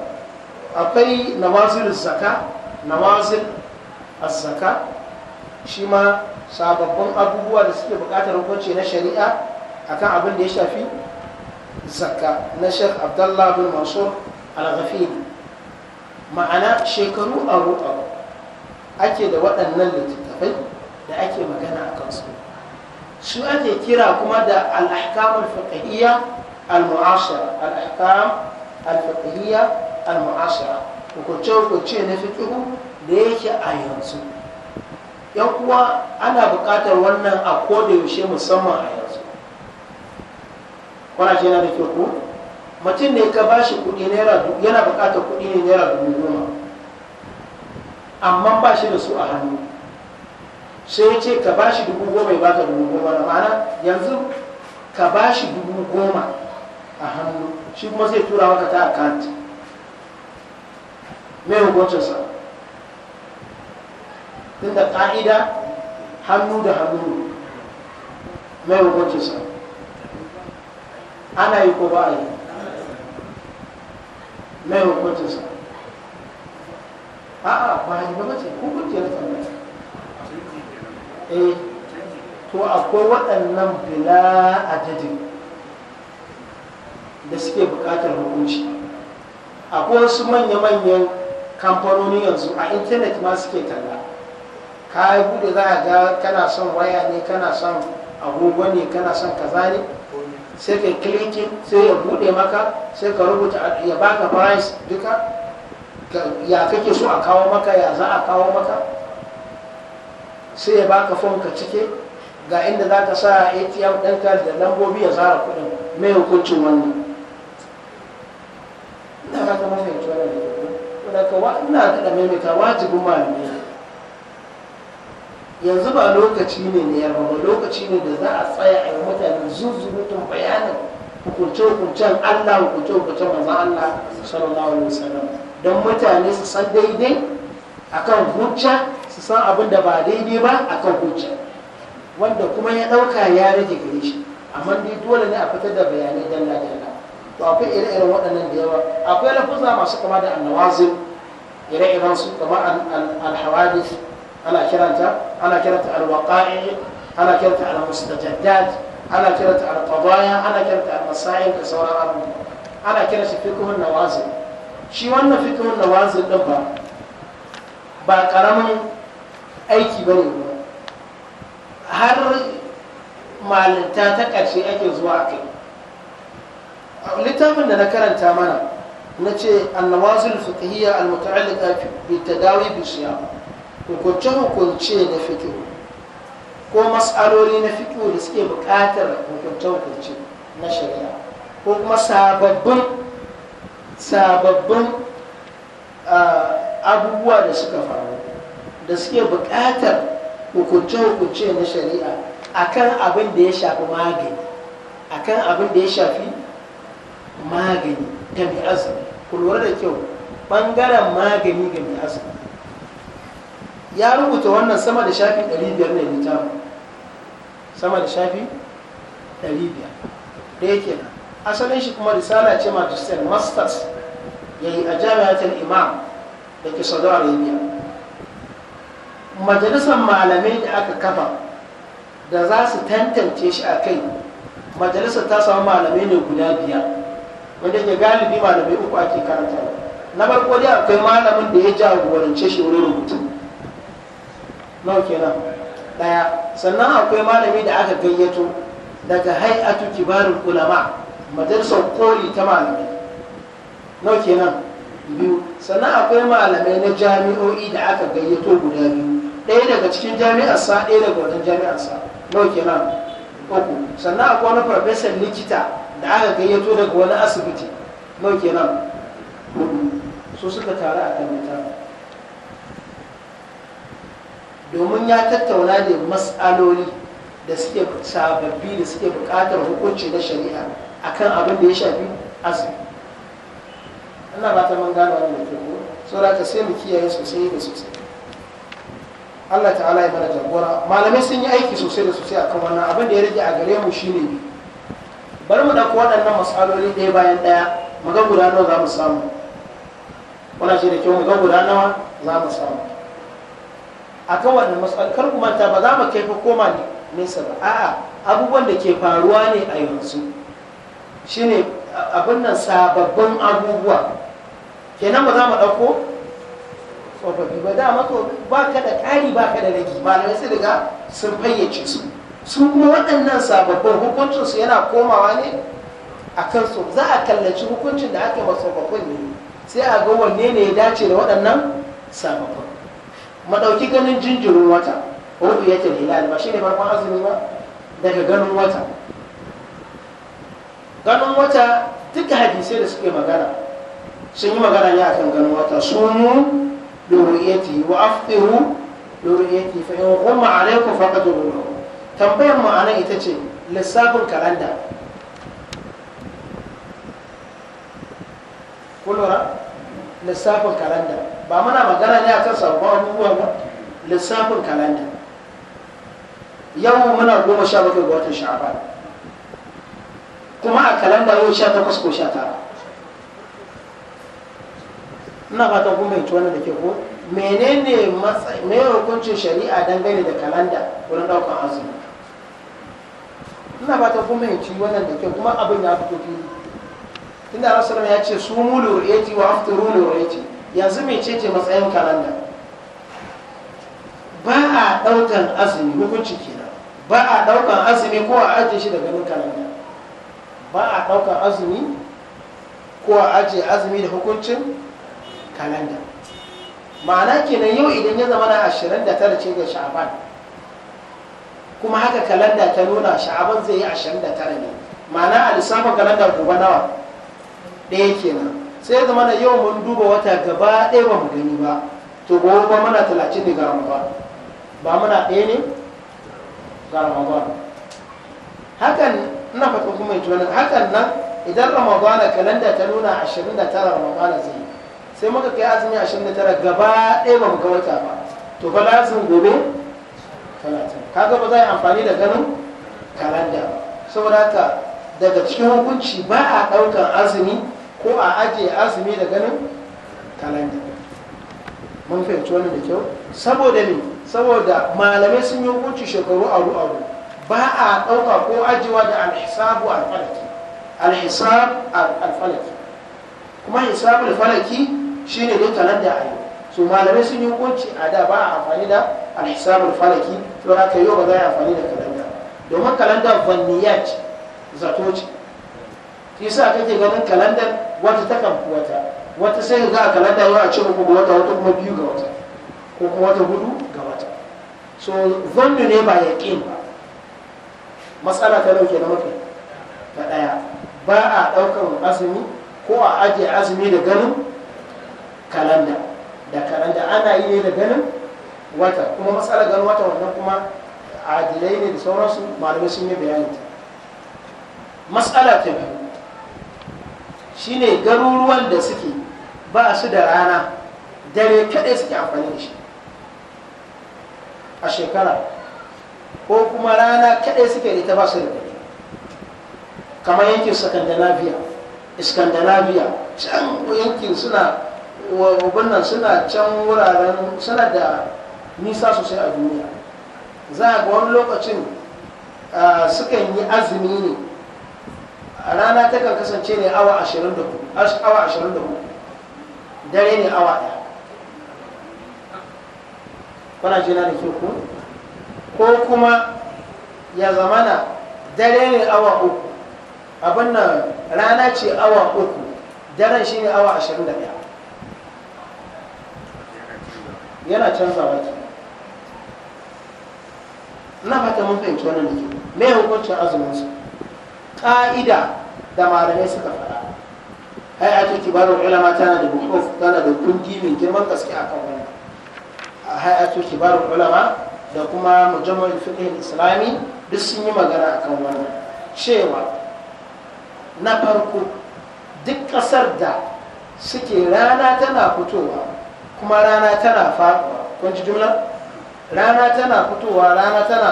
akwai nawazir zaka nawazir azzaka shi ma sababbin abubuwa da suke bukatar hukunci na shari'a akan abin da ya shafi zaka na shek Abdullahi bin mansur al-ghafiri ma'ana shekaru aro aro ake da waɗannan littattafai da ake magana a kansu su ake kira kuma da al'ahkam ahkam al-fiqhiyya al-mu'ashara al al-mu'ashara hukunce hukunce na fiqhu da yake a yanzu yan kuwa ana buƙatar wannan a koda yaushe musamman a yanzu kwana yana na da ke mutum ne ka bashi kuɗi naira yana buƙatar kuɗi ne naira dubu goma amma ba shi da su a hannu sai ce ka bashi dubu goma ya baka dubu goma na ma'ana yanzu ka bashi dubu goma a hannu shi kuma zai tura maka ta account mai hukuncinsa da ƙa'ida hannu da hannu mai hukuncinsa ana yi ko ba a yi mai hukuncinsa a'a ba yi ba mace hukunci na tambaya eh to akwai waɗannan bila adadin da suke buƙatar hukunci akwai wasu manya-manyan kamfanoni yanzu a intanet ma suke talla ka yi bude za a ga kana son waya ne kana son agogo ne kana son kaza ne sai ka kilikin sai ya bude maka sai ka rubuta ya baka price duka ya kake so a kawo maka ya za a kawo maka sai ya baka fom ka cike ga inda za ka sa atm ɗinka da lambobi ya zara kuɗin mai hukuncin wannan ina ba ta mafahimci wannan da kuma ina da maimaita wajibin malamai yanzu ba lokaci ne ne yarba ba lokaci ne da za a tsaya a yi mutane zuzurutun bayanin hukunce-hukuncen allah hukunce-hukuncen manzan allah sallallahu alaihi wasallam don mutane su san daidai akan hujja su san abin da ba daidai ba a kan hujja wanda kuma ya ɗauka ya rage gare shi amma dai dole ne a fitar da bayanai dalla dalla to akwai ire-iren waɗannan da yawa akwai lafuza masu kama da annawazin ire-iren su kamar alhawadis ana kiranta ana kiranta alwaqa'i ana kiranta almustajaddat ana kiranta alqadaya ana kiranta almasail da sauran abubuwa ana kira shi fiqhun nawazil shi wannan fiqhun nawazin din ba ba karamin aiki ba ne har malinta ta ƙarshe ake zuwa a kai littafin da na karanta mana na ce annawazul fiqhiyya almuta'alliqa bi tadawi bi siyam hukunce hukunce na fiqh ko mas'aloli na fiqh da suke buƙatar hukunce hukunce na shari'a ko kuma sababbin sababbin ah, abubuwa da suka faru da suke buƙatar hukunce-hukunce na shari'a akan abin da ya shafi magani akan abin da ya shafi magani ga mai azumi ku lura da kyau ɓangaren magani ga mai azumi ya rubuta wannan sama da shafi 500 ne littafin sama da shafi 500 da yake asalin shi kuma risala ce magister masters ya yi a jami'atar imam da ke saudi arabia majalisar malamai da aka kafa da za su tantance shi a kai majalisar ta samu malamai ne guda biyar wanda ke galibi malamai uku ake karanta na farko dai akwai malamin da ya jagorance shi wurin rubutu ke nan? daya sannan akwai malami da aka gayyato daga hay'atu kibarin ulama majalisar koli ta malamai ke nan? biyu sannan akwai malamai na jami'o'i da aka gayyato guda biyu ɗaya daga cikin jami'arsa ɗaya daga wajen jami'arsa nau kenan uku sannan akwai wani farfesan likita da aka gayyato daga wani asibiti nau kenan hudu su suka taru a kan littafin domin ya tattauna da matsaloli da suke sababbi da suke buƙatar hukunci na shari'a akan abin da ya shafi azumi ina ba ta man gano wani da ke ko saboda sai mu kiyaye sosai da sosai Allah ta'ala ya mana jagora malamai sun yi aiki sosai da sosai a kan wannan abin da ya rage a gare mu shine bi. bari mu ɗauko waɗannan masaloli ɗaya bayan ɗaya mu ga guda nawa za mu samu wannan shi da kyau mu ga guda nawa za mu samu a kan wannan matsalolin kar kuma ta ba za mu kai fa koma nesa ba a'a abubuwan da ke faruwa ne a yanzu shine abin nan sababbin abubuwa kenan ba za mu ɗauko tsofaffi ba da mato ba ka da ƙari ba ka da rage malamai sai daga sun fayyace su su kuma waɗannan sababbin hukuncinsu yana komawa ne a su za a kallaci hukuncin da aka yi tsofaffin ne sai a ga wanne ne ya dace da waɗannan sababbin madauki ganin jinjirin wata rubu ya ta hilal ba shi ne farkon azumi ba daga ganin wata ganin wata duka hadisai da suke magana sun yi magana ne akan ganin wata su mu لرؤيته وأفطروا لرؤيته فإن غم عليكم فقدروا له تنبيه معنا إتشي lissafin kalanda kulura lissafin kalanda ba mana magana ne akan sabuwar abubuwa ba lissafin kalanda yau muna goma sha bakwai ga watan kuma a kalanda yau sha takwas ko sha tara ina fatan kun bai wannan da ke ko menene matsayi me hukuncin shari'a dangane da kalanda wurin daukan azumi ina fatan kun bai wannan da ke kuma abin ya fito fili tunda rasulullah ya ce su mu luriyati wa aftaru luriyati yanzu mai ce ce matsayin kalanda ba a daukan azumi hukunci kenan ba a daukan azumi ko a ajiye shi da ganin kalanda ba a daukan azumi ko a ajiye azumi da hukuncin kalanda ma'ana kenan yau idan ya zama na 29 ce ga sha'aban kuma haka kalanda ta nuna sha'aban zai yi 29 ne ma'ana a lissafin kalanda gobe nawa ɗaya kenan sai ya zama na yau mun duba wata gaba ɗaya ba mu gani ba to gobe ba muna 30 ne ga ba ba muna ɗaya ne ga ramadan hakan ina fata kuma hakan nan idan ramadana kalanda ta nuna 29 ramadana zai yi sai muka kai azumi ashirin da tara gaba ɗaya ba mu ga wata ba to fa lazim gobe talatin kaga ba za a yi amfani da ganin kalanda ba saboda haka daga cikin hukunci ba a ɗaukan azumi ko a ajiye azumi da ganin kalanda mun fahimci wannan da kyau saboda ne saboda malamai sun yi hukunci shekaru aru aru ba a ɗauka ko ajiyewa da alhisabu alfalaki alhisab alfalaki kuma hisabul falaki shine dai tarar da ayo so malamai sun yi hukunci a da ba a amfani da alhisabul falaki to haka yau ba za a amfani da kalanda domin kalanda vanniyat ce zato ce sa kake ganin kalandar wata ta kan wata wata sai ga kalanda yau a ce uku ga wata wata kuma biyu ga wata ko kuma wata hudu ga wata so zannu ne ba yaqin ba matsala ta dauke na mafi ta daya ba a ɗaukan azumi ko a ajiye azumi da ganin kalanda da kalanda ana yi ne da ganin wata kuma matsalar ganin wata wannan kuma adilai ne da sauransu malamai sun yi bayani matsala ta biyu shine garuruwan da suke ba su da rana dare kaɗai suke amfani da shi a shekara ko kuma rana kaɗai suke da ita ba su da dare kamar yankin scandinavia scandinavia can yankin suna nan suna can wuraren suna da nisa sosai a duniya za a ga wani lokacin sukan yi azumi ne a rana takan kasance ne awa 24 dare ne awa ɗaya kuna jina da ke ku ko kuma ya zamana dare ne awa uku abin nan rana ce awa uku daren shi ne awa 21 yana canza wata ina fata mun fahimci wannan da ke me hukuncin azumin su ƙa'ida da malamai suka faɗa hay'atu kibarul ulama tana da buhuf tana da kungi mai girman gaske a akan wannan hay'atu kibarul ulama da kuma mujammal fiqh islami duk sun yi magana a kan wannan cewa na farko duk ƙasar da suke rana tana fitowa kuma rana tana faɗuwa kun ji jumla rana tana fitowa rana tana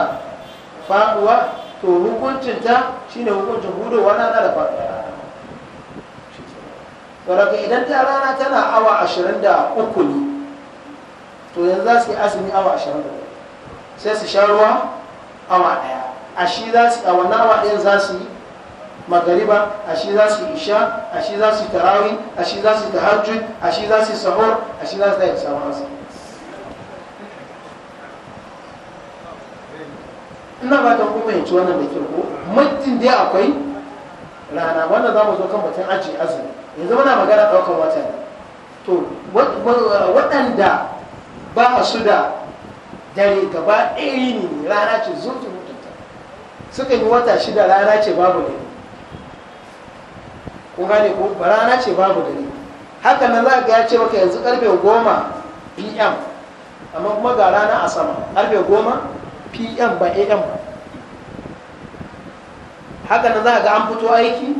faɗuwa to hukuncin ta shine hukuncin hudowa rana da faɗuwa Daga idan ta rana tana awa ashirin da uku ne to yanzu za su yi azumi awa ashirin da uku sai su sha ruwa awa ɗaya a shi za su a wannan awa ɗayan za su yi magariba a shi za su isha a shi za su tarawi a shi za su tahajjud a shi za su sahur a shi za su da samu asa ina ba ta kuma yanci wannan da ke ko muddin dai akwai rana wanda za mu zo kan mutum ajiye azumi yanzu muna magana ɗaukar wata to waɗanda ba su da dare gaba ɗaya ne rana ce zuwa mutunta suka yi wata shida rana ce babu ne ko gane ko rana ce babu dare haka nan za ga ya ce maka yanzu karfe goma pm amma kuma ga rana a sama karfe goma pm ba am ba haka nan za ga an fito aiki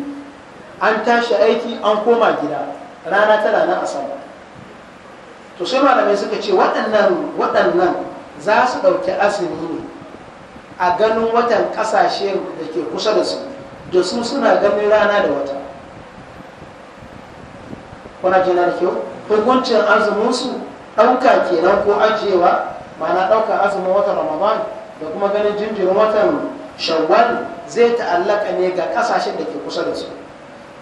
an tashi aiki an koma gida rana tana nan a sama to sai malamai suka ce waɗannan waɗannan za su ɗauki asini ne a ganin watan ƙasashe da ke kusa da su da su suna ganin rana da wata kuna na da kyau hukuncin azumin su ɗauka kenan ko ajiyewa ma'ana ɗauka azumin watan ramadan da kuma ganin jinjirin watan shawwal zai ta'allaka ne ga ƙasashen da ke kusa da su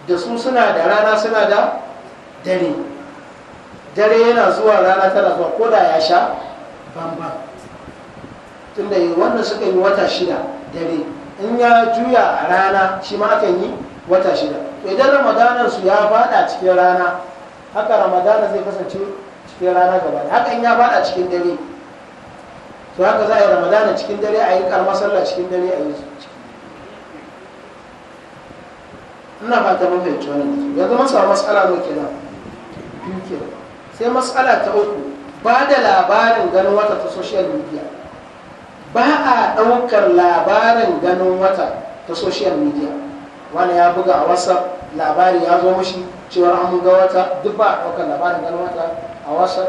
da su suna da rana suna da dare dare yana zuwa rana tana zuwa ko da ya sha bambam tunda wannan suka yi wata shida dare in ya juya a rana shi ma akan yi wata shida idan ramadanar su ya fada cikin rana haka ramadanar zai kasance cikin rana gaba haka in ya fada cikin dare to haka za a yi ramadanar cikin dare a yi karma cikin dare a yi ina ba ta mafi ya yanzu sa matsala ne kenan biyu sai matsala ta uku ba da labarin ganin wata ta social media ba a ɗaukar labarin ganin wata ta social media wani ya buga a wasa labari ya zo mashi cewa an ga wata duk ba a ɗaukar labarin ganin wata a wasa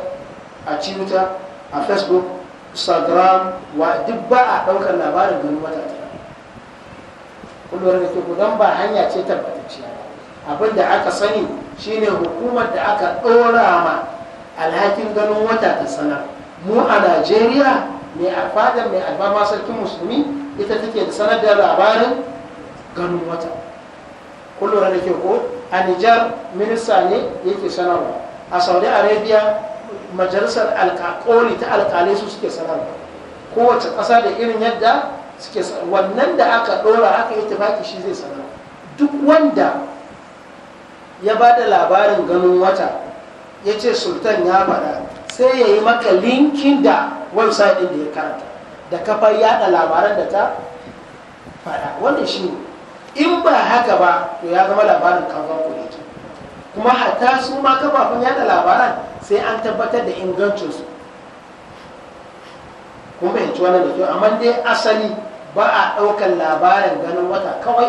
a ciwuta a facebook instagram wa duk ba a ɗaukar labarin ganin wata ta kullum da ke gudan ba hanya ce tabbatacciya abin da aka sani shine hukumar da aka ɗora ma alhakin ganin wata ta sanar mu a najeriya mai alfadar mai albama sarkin musulmi ita take da sanar da labarin ganin wata kun lura da ke ko a nijar minista ne yake sanarwa a saudi arabia majalisar alkakoli ta alkalai su suke sanarwa kowace ƙasa da irin yadda suke wannan da aka ɗora aka yi tafaki shi zai sanarwa. duk wanda ya ba da labarin ganin wata ya ce sultan ya faɗa sai ya yi maka linkin da website ɗin da ya karanta da kafar yada labaran da ta faɗa wannan shi ne in ba haka ba to ya zama labarin ku ne kuma hatta su ma kafafun yada labaran sai an tabbatar da ingancinsu kun fahimci wannan da kyau amma dai asali ba a ɗaukar labarin ganin wata kawai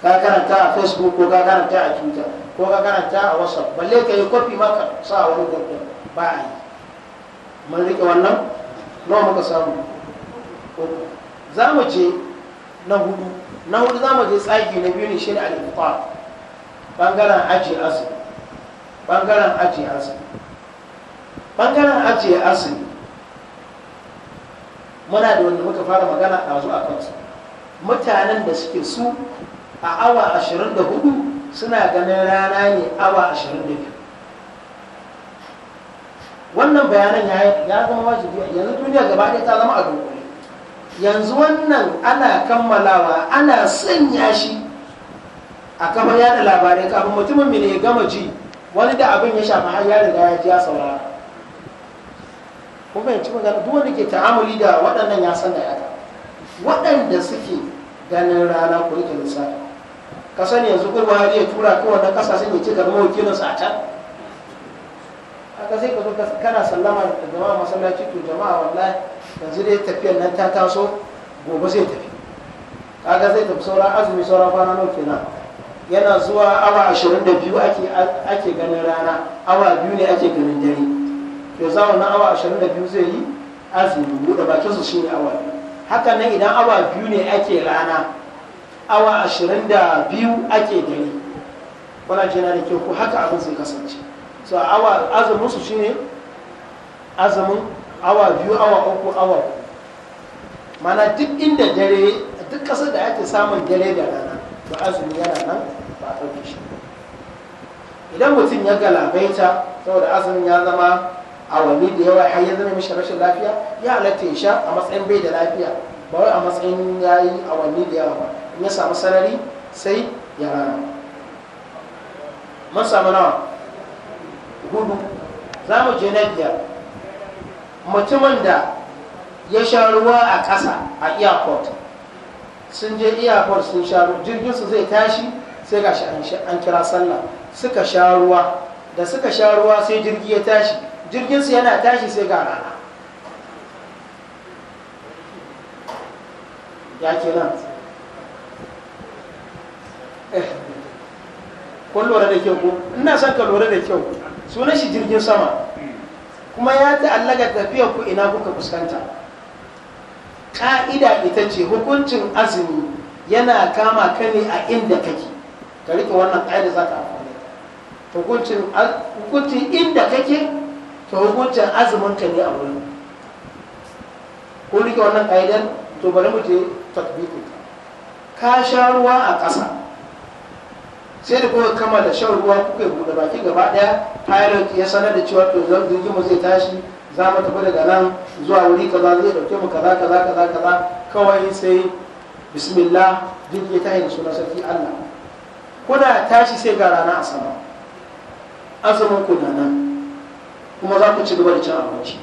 ka karanta a facebook ko ka karanta a twitter ko ka karanta a whatsapp balle ka yi kwafi maka sa a wani gurbi ba a yi mun riƙe wannan nawa muka samu za mu ce na hudu na hudu za mu je tsaki na biyu ne shi ne al ɓangaren bangaren ajiye azumi ɓangaren ajiye azumi ɓangaren ajiye azumi muna da wanda muka fara magana a zuwa kansu mutanen da suke su a awa ashirin da hudu suna ganin rana ne awa ashirin da biyu. wannan bayanan ya zama wajibi yanzu duniya gaba ɗaya ta zama a dunkule yanzu wannan ana kammalawa ana sanya shi a kafar yada labarai kafin mutumin mai ya gama ji wani da abin ya shafa har yada da ya ji ya saurara Kuma fahimci magana duk wanda ke ta'amuli da waɗannan ya san da yaka waɗanda suke ganin rana ko yake nisa ka sani yanzu kurba har ya tura ko wannan kasashen ya ce ga wakilin sa a can haka sai ka zo kana sallama da jama'a masallaci to jama'a wallahi yanzu dai tafiyar nan ta taso gobe zai tafi kaga zai tafi sauran azumi sauran kwana nawa kenan yana zuwa awa ashirin da biyu ake ganin rana awa biyu ne ake ganin dare to za wannan awa ashirin da biyu zai yi azumi da bakin su shine awa biyu hakan nan idan awa biyu ne ake rana awa ashirin da biyu ake dare kuna na da kyau ko haka abin zai kasance so awa azumin su shine azumin awa biyu awa uku awa mana duk inda dare duk ƙasar da ake samun dare da rana ba azumi yana nan ba a ɗauke shi idan mutum ya galabaita saboda azumin ya zama awanni da yawa har ya zama mishi rashin lafiya ya halatta ya sha a matsayin bai da lafiya ba wai a matsayin ya yi awanni da yawa ba in ya samu sarari sai ya rana mun samu nawa hudu za mu je na biyar mutumin da ya sha ruwa a ƙasa a airport sun je airport sun sha ruwa jirgin su zai tashi sai ga an kira sallah suka sha ruwa da suka sha ruwa sai jirgi ya tashi jirgin su yana tashi sai ga rana ya kenan eh. kun lura da kyau ko ina son ka lura da kyau sunan shi jirgin sama kuma ya allaga tafiya ku ina kuka fuskanta ka'ida ita ce hukuncin azumi yana kama ka ne a inda kake ka rike wannan ka'ida za ka amfani hukuncin hukuncin inda kake to hukuncin azumin ka ne a wurin ko rike wannan ka'idan to bari mu je tatbikin ka sha ruwa a ƙasa sai da kuka kammala shan ruwa kuka yi buɗe baki gaba ɗaya pilot ya sanar da cewa to zan jirgin mu zai tashi za mu tafi daga nan zuwa wuri kaza zai dauke mu kaza kaza kaza kaza kawai sai bismillah duk ya tashi da sunan sarki Allah kuna tashi sai ga rana sama Azumin ku nan kuma za ku ci gaba da cin abinci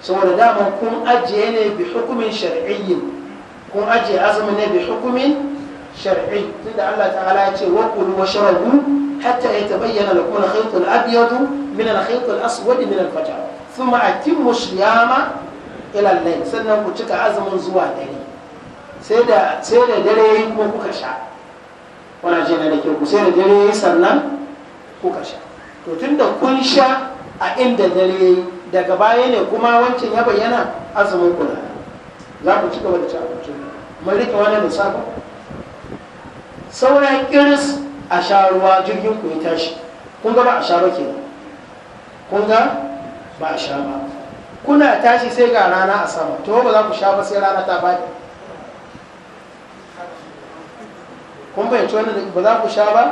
saboda dama kun ajiye ne bi hukumin shar'iyyin kun ajiye azumin ne bi hukumin shar'i tunda Allah ta'ala ya ce wa kulu wa sharabu hatta ya lakum al-khayt al-abyad min al-khayt al-aswad min al-fajr thumma atimmu siyama ila al sannan ku cika azumin zuwa dare sai da sai da dare kuma kuka sha da ku sai da dare sannan kuka sha to kun sha a inda dare daga baya ne kuma wancan ya bayyana azumin kula za ku ci gaba da cin abincin rike wannan lissafin sauran iris a sha ruwa jirgin ku ya tashi kun ga ba a sha ba ke kun ga ba a sha ba kuna tashi sai ga rana a sama to ba za ku sha ba sai rana ta faɗi kun bayyanci wannan ba za ku sha ba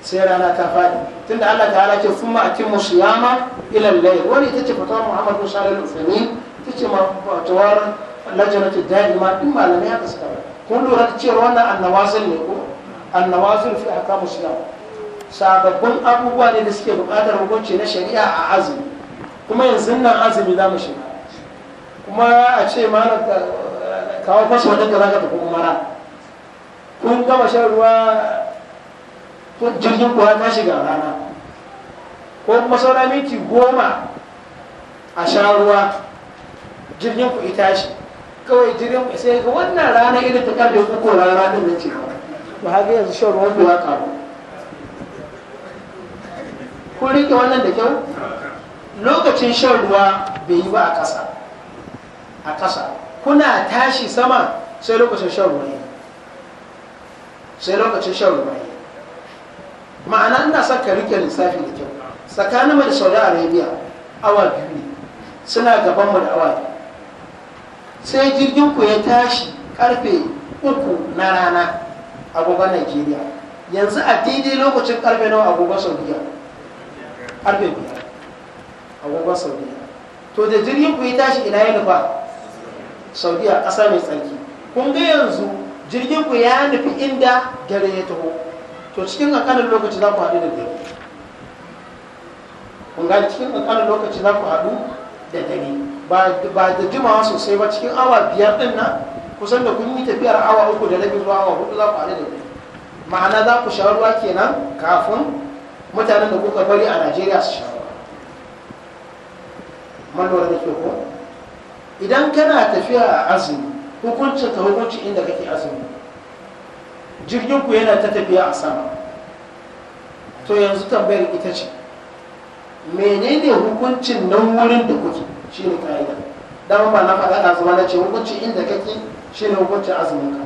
sai rana ta faɗi tunda Allah ta'ala ce sun ma akin musu yama ilal layl wani ita ce fatawar Muhammadu Sallallahu Alaihi Wasallam ita ce ma fatawar lajnatu ma din malamai haka suka faɗa kun lura da cewa wannan annawazin ne ko annawazin fi ahkamu islam sababbin abubuwa ne da suke buƙatar hukunci na shari'a a azumi kuma yanzu nan azumi za mu shiga kuma a ce ma kawo fasa wajen da za ka tafi umara kun gama shan ruwa kun jirgin kuwa ta shiga rana ko kuma saura minti goma a sha ruwa jirgin ku ita shi kawai jirin sai ga wannan rana irin ta karfe uku na ranar nan ce ba haka yanzu shan ruwan ruwa karu kun rike wannan da kyau lokacin shan ruwa bai yi ba a ƙasa a ƙasa kuna tashi sama sai lokacin shan ruwa sai lokacin shan ruwa ne ma'ana ina son ka rike lissafi da kyau tsakanin mu da saudi arabia awa biyu ne suna gaban mu da awa biyu sai jirgin ku ya tashi karfe uku na rana agogon nigeria yanzu a daidai lokacin karfe nawa agogon Saudiya karfe biyar agogon Saudiya to da jirgin ku ya tashi ina ya nufa Saudiya ƙasa mai tsarki kun ga yanzu jirgin ku ya nufi inda dare ya taho to cikin ƙanƙanin lokaci za ku haɗu da dare kun ga cikin ƙanƙanin lokaci za ku haɗu da dare ba da jimawa sosai ba cikin awa biyar din nan kusan da kun yi tafiyar awa uku da rabin zuwa awa hudu za ku haɗu da ku ma'ana za ku sha ruwa kenan kafin mutanen da kuka bari a najeriya su sha Man mallora da ke ko idan kana tafiya a azumi hukuncin ka hukuncin inda kake azumi jirgin ku yana ta tafiya a sama to yanzu tambayar ita ce menene hukuncin nan wurin da kuke shi ne ka'ida dan ba na faɗa da zama na ce hukunci inda kake shi ne hukuncin azumin ka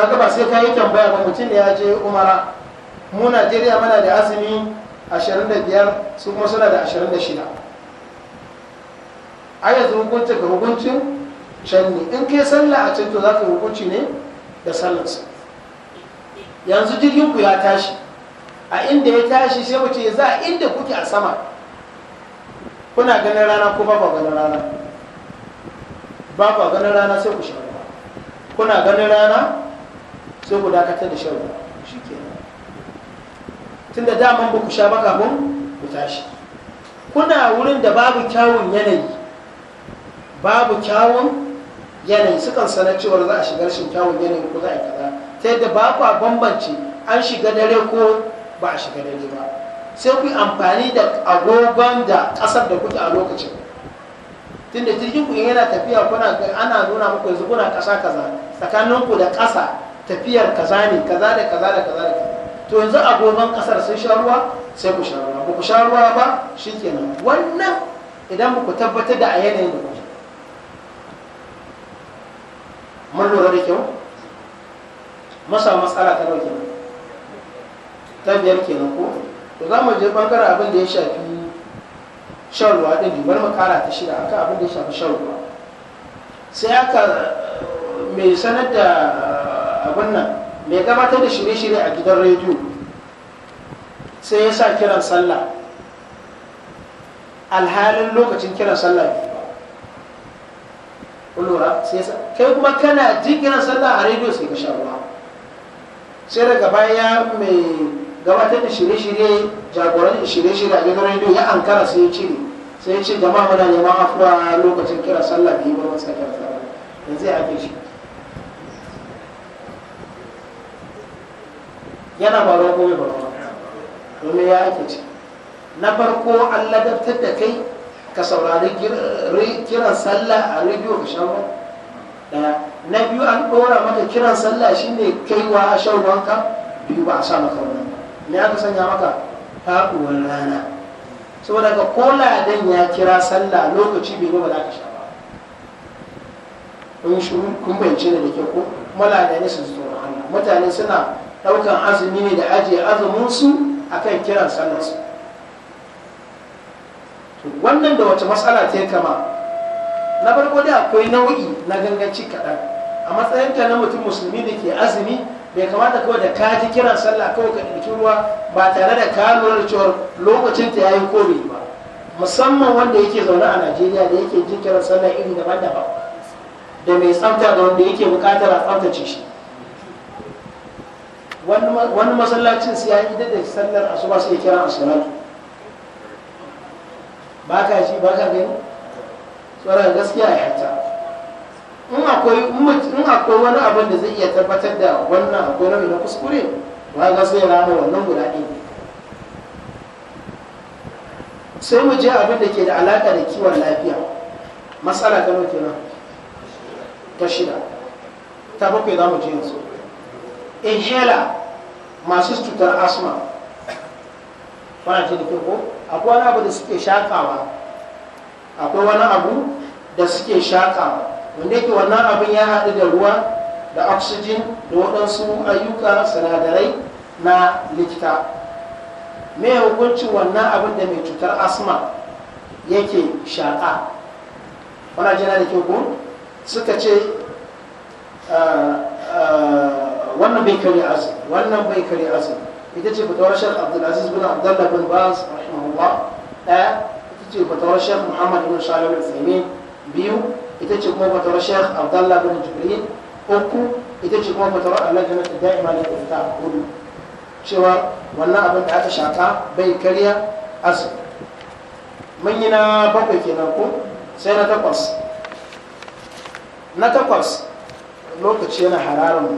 kaga ba sai ka yi tambaya ba mutum ne ya je umara mu najeriya mana da azumi 25 su kuma suna da 26 a yanzu hukuncin ga hukuncin can ne in kai sallah a can to za ka hukunci ne da su yanzu jirgin ku ya tashi a inda ya tashi sai mu ce za a inda kuke a sama kuna ganin rana ko ba ganin rana ba ba ganin rana sai ku sha ruwa kuna ganin rana sai ku dakatar da shan ruwa shi ke tun da daman ba ku sha ba kafin ku tashi kuna wurin da babu kyawun yanayi babu kyawun yanayi sukan sanar cewar za a shiga shi kyawun yanayi ko za a yi kaza ta yadda ba ku bambance an shiga dare ko ba a shiga dare ba sai ku amfani da agogon da ƙasar da kuke a lokacin tunda jirgin ku yana tafiya kuna ana nuna muku yanzu kuna ƙasa kaza tsakanin ku da ƙasa tafiyar kaza ne kaza da kaza da kaza da kaza to yanzu agogon ƙasar sun sha ruwa sai ku sha ruwa ba ku sha ruwa ba shikenan wannan idan muku ku tabbatar da a yanayin da kuke mun lura da kyau masa matsala ta dauke ta biyar kenan ko to za mu je bangaren abin da ya shafi shan ruwa din dubar makara ta shida akan abin da ya shafi shan ruwa sai aka mai sanar da eh, abin nan mai gabatar da shirye-shirye a gidan rediyo sai ya sa kiran sallah alhalin lokacin kiran sallah lura sai ya kai kuma kana jin kiran sallah a rediyo sai ka sha ruwa sai daga baya mai gabatar da shirye-shirye jagoran shirye-shirye a gidan rediyo ya ankara sai ya cire sai ya ce jama'a muna neman afuwa lokacin kira sallah biyu ba wasu kira sallah yanzu ya ake shi yana faruwa ko bai faruwa domin ya ake ce. na farko an ladabtar da kai ka saurari kiran sallah a rediyo ka shan daya na biyu an ɗora maka kiran sallah shine kaiwa a shan wanka biyu ba a sa maka wani me aka sanya maka faɗuwar rana saboda ka ko ladan ya kira sallah lokaci bai gaba za ka sha ba kun kun bayyance da ke ko kuma ne su zuwa Allah mutane suna ɗaukan azumi ne da ajiye azumin su akan kiran sallah su wannan da wata matsala ta kama na farko dai akwai nau'i na ganganci kaɗan a matsayinta na mutum musulmi da ke azumi bai kamata kawai da ka ji kiran sallah kawai ka ɗauki ruwa ba tare da ka lura da cewa lokacin ta yayi ko bai ba musamman wanda yake zaune a Najeriya da yake jin kiran sallah iri daban-daban da mai tsafta da wanda yake buƙatar a tsaftace shi wani masallacin sai ya yi da sallar asuba sai ya kira asuba ba ka ji ba ka gani tsoron gaskiya ya hatta in akwai wani abin da zai iya tabbatar da wannan akwai nau'i na kuskure ba ga sai rama wannan guda ɗin sai mu je abin da ke da alaƙa da kiwon lafiya matsala ta mafi nan ta shida ta bakwai za mu je yanzu inhaler masu cutar asma wana ce da ko akwai wani abu da suke shakawa akwai wani abu da suke shakawa wanda yake wannan abin ya haɗu da ruwa da oxygen da waɗansu ayyuka sinadarai na likita me hukuncin wannan abin da mai cutar asma yake shaƙa wana jina da kyau suka ce ah, ah, wannan bai kare azumi wannan bai kare azumi ita ce fatawar shar abdulaziz bin abdullah bin baz rahimahullah ɗaya ita ce fatawar shar muhammad bin shalim al biyu ita ce kuma fatawar sheikh abdallah bin jibril uku ita ce kuma fatawar alhaji na da'ima da ta hudu cewa wannan abin da aka shaka bai karya azumi mun yi na bakwai kenan ko sai na takwas na takwas lokaci yana hararin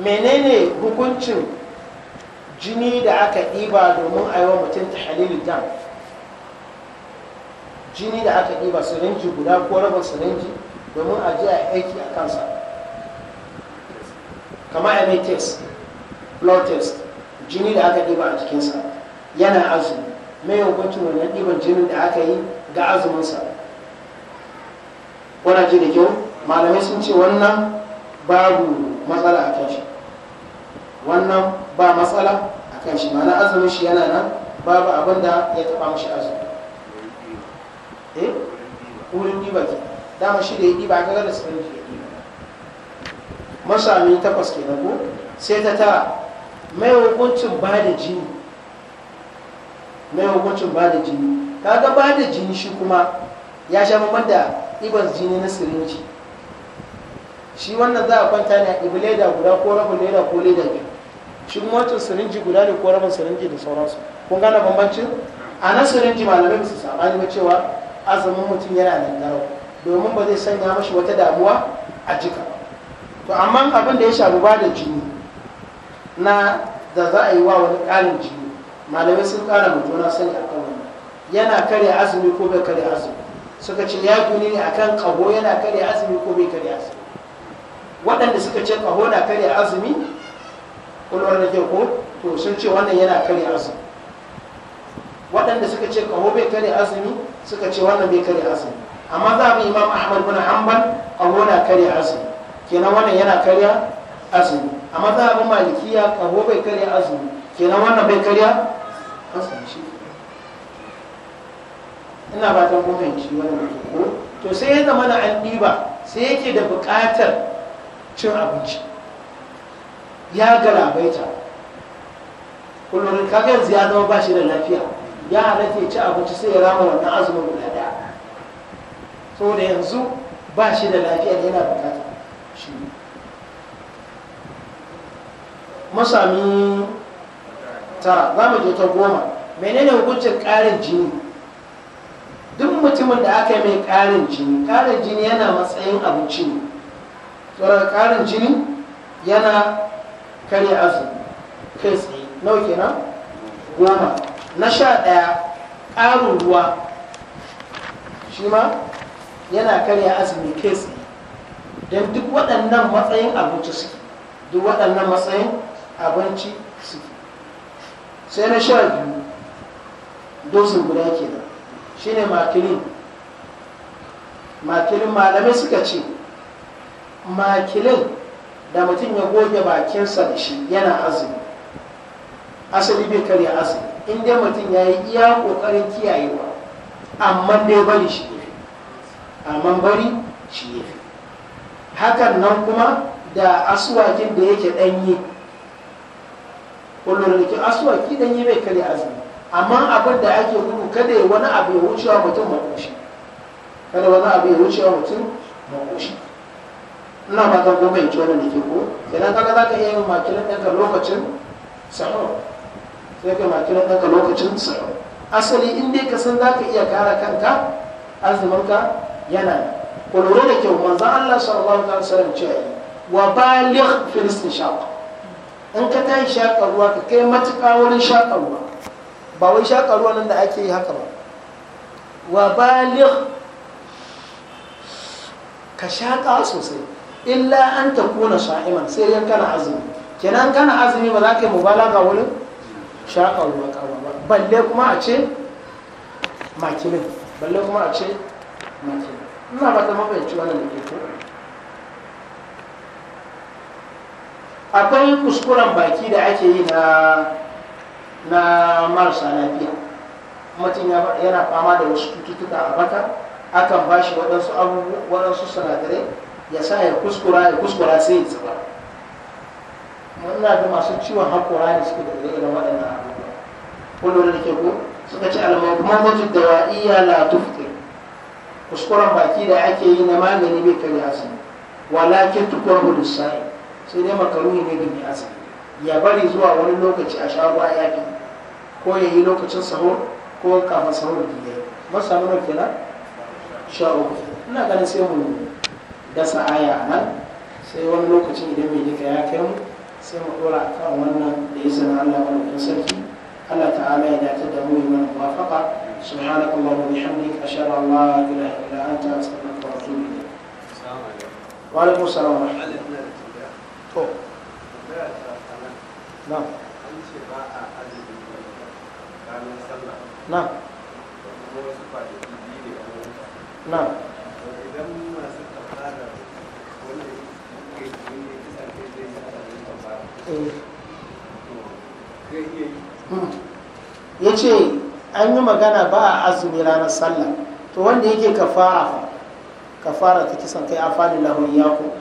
menene hukuncin jini da aka ɗiba domin a yi wa mutum ta halilu dam jini da aka ɗiba sirinji guda ko rabin sirinji domin a a aiki a kansa kama a mai test blood test jini da aka ɗiba a jikinsa yana azumi mai hukuncin wani ɗiban jinin da aka yi ga azuminsa wana ji da kyau malamai sun ce wannan babu matsala a kanshi wannan ba matsala a kanshi ma'ana azumin shi yana nan babu abin da ya taɓa mashi azumi eh wurin diba ke dama shi da ya diba ga da sunan shi masami takwas ke ko sai ta tara mai hukuncin ba da jini mai hukuncin ba da jini kaga ba da jini shi kuma ya sha mamman da ɗiban jini na sirinji shi wannan za a kwanta ne a ibi leda guda ko rabin leda ko leda biyu shi kuma wancan sirinji guda ne ko rabin sirinji da sauransu kun gane bambancin a na sirinji malamai su saɓani ba cewa azumin mutum yana nan garau domin ba zai sanya mashi wata damuwa a jika to amma abin da ya shafi ba da jini na da za a yi wa wani ƙarin jini malamai sun ƙara mutu na sanya a kan wannan yana karya azumi ko bai karya azumi suka ce ya guni ne kan ƙaho yana karya azumi ko bai karya azumi waɗanda suka ce ƙaho na karya azumi ƙulwar da ke ko to sun ce wannan yana karya azumi waɗanda suka ce kawo bai kare azumi suka ce wannan bai kare azumi amma za mu imam ahmad bin hanbal kawo na kare azumi kenan wannan yana kare azumi amma za mu malikiya kawo bai kare azumi kenan wannan bai kare azumi shi ina ba ta kuma yanci wannan ko to sai ya zama na an ɗiba sai yake da buƙatar cin abinci ya galabaita kullum kaga yanzu ya zama ba shi da lafiya ya halatta ya ci abinci sai ya rama wannan azumin guda daya saboda yanzu ba shi da lafiya da yana bukata shi masami ta za mu je ta goma menene hukuncin ƙarin jini duk mutumin da aka yi mai ƙarin jini ƙarin jini yana matsayin abinci ne tsoron ƙarin jini yana karya azumi kai tsaye nau kenan goma na sha ɗaya ƙarin ruwa shi ma yana karya azumi kai tsaye don duk waɗannan matsayin abinci su duk waɗannan matsayin abinci su sai na sha biyu dosin guda kenan shine makilin makilin malamai suka ce makilin da mutum ya goge bakinsa da shi yana azumi asali bai karya azumi in dai mutum ya yi iya kokarin kiyayewa amma dai bari shi ya fi amma bari shi ya fi hakan nan kuma da asuwakin da yake ɗanyi kullum da ke asuwaki ɗanyi bai kare azumi amma abin da ake gudu kada ya wani abu ya wucewa mutum makoshi kada wani abu ya wucewa mutum makoshi ina ba ta goma in ci wani da ke ko idan kaga za ka iya yin makilin ɗanka lokacin sahur sai ka ma kiran ɗanka lokacin sa asali in dai ka san za ka iya kare kanka azuminka yana ku lura da kyau manzon Allah sallallahu alaihi wasallam ce yi wa baligh fil istinshaq in ka tayi shaka ruwa ka kai matuƙa wurin shaka ruwa ba wai shaka ruwa nan da ake yi haka ba wa baligh ka shaka sosai illa an ta kuna sha'iman sai yan kana azumi kenan kana azumi ba za ka yi mubalaga wurin shaƙa ruwa ba balle kuma a ce makinin balle kuma a ce makinin ina ba ta mabayanci wani da ke akwai kuskuren baki da ake yi na na marasa lafiya mutum yana fama da wasu cututtuka a baka akan ba shi waɗansu abubuwa waɗansu sinadarai ya sa ya kuskura ya kuskura sai ya tsiba wannan ga masu ciwon haƙora ne suke da irin waɗannan abubuwa wanda da ke ko suka kuma almamatu da iya la tufte kuskuren baki da ake yi na magani bai kare asali walakin tukwar lissa'i sai dai makaruni ne gini asali ya bari zuwa wani lokaci a shago a yafi ko ya yi lokacin sahur ko kafin sahur da ya yi masu samu nufi na sha uku ina ganin sai mu dasa aya nan sai wani lokacin idan mai jika ya kai mu sai mu dora kan wannan da izinin Allah madaukakin sarki Allah ta'ala ya dace da mu mana muwafaqa سبحانك اللهم وبحمدك اشهد ان لا اله الا انت استغفرك واتوب اليك السلام عليكم وعليكم السلام ورحمه الله to na na na idan masu tafara wanda Eh. ya ce an yi magana ba a azumi ranar sallah to wanda yake kafara fa kafara ta kisan kai afalin lahun yako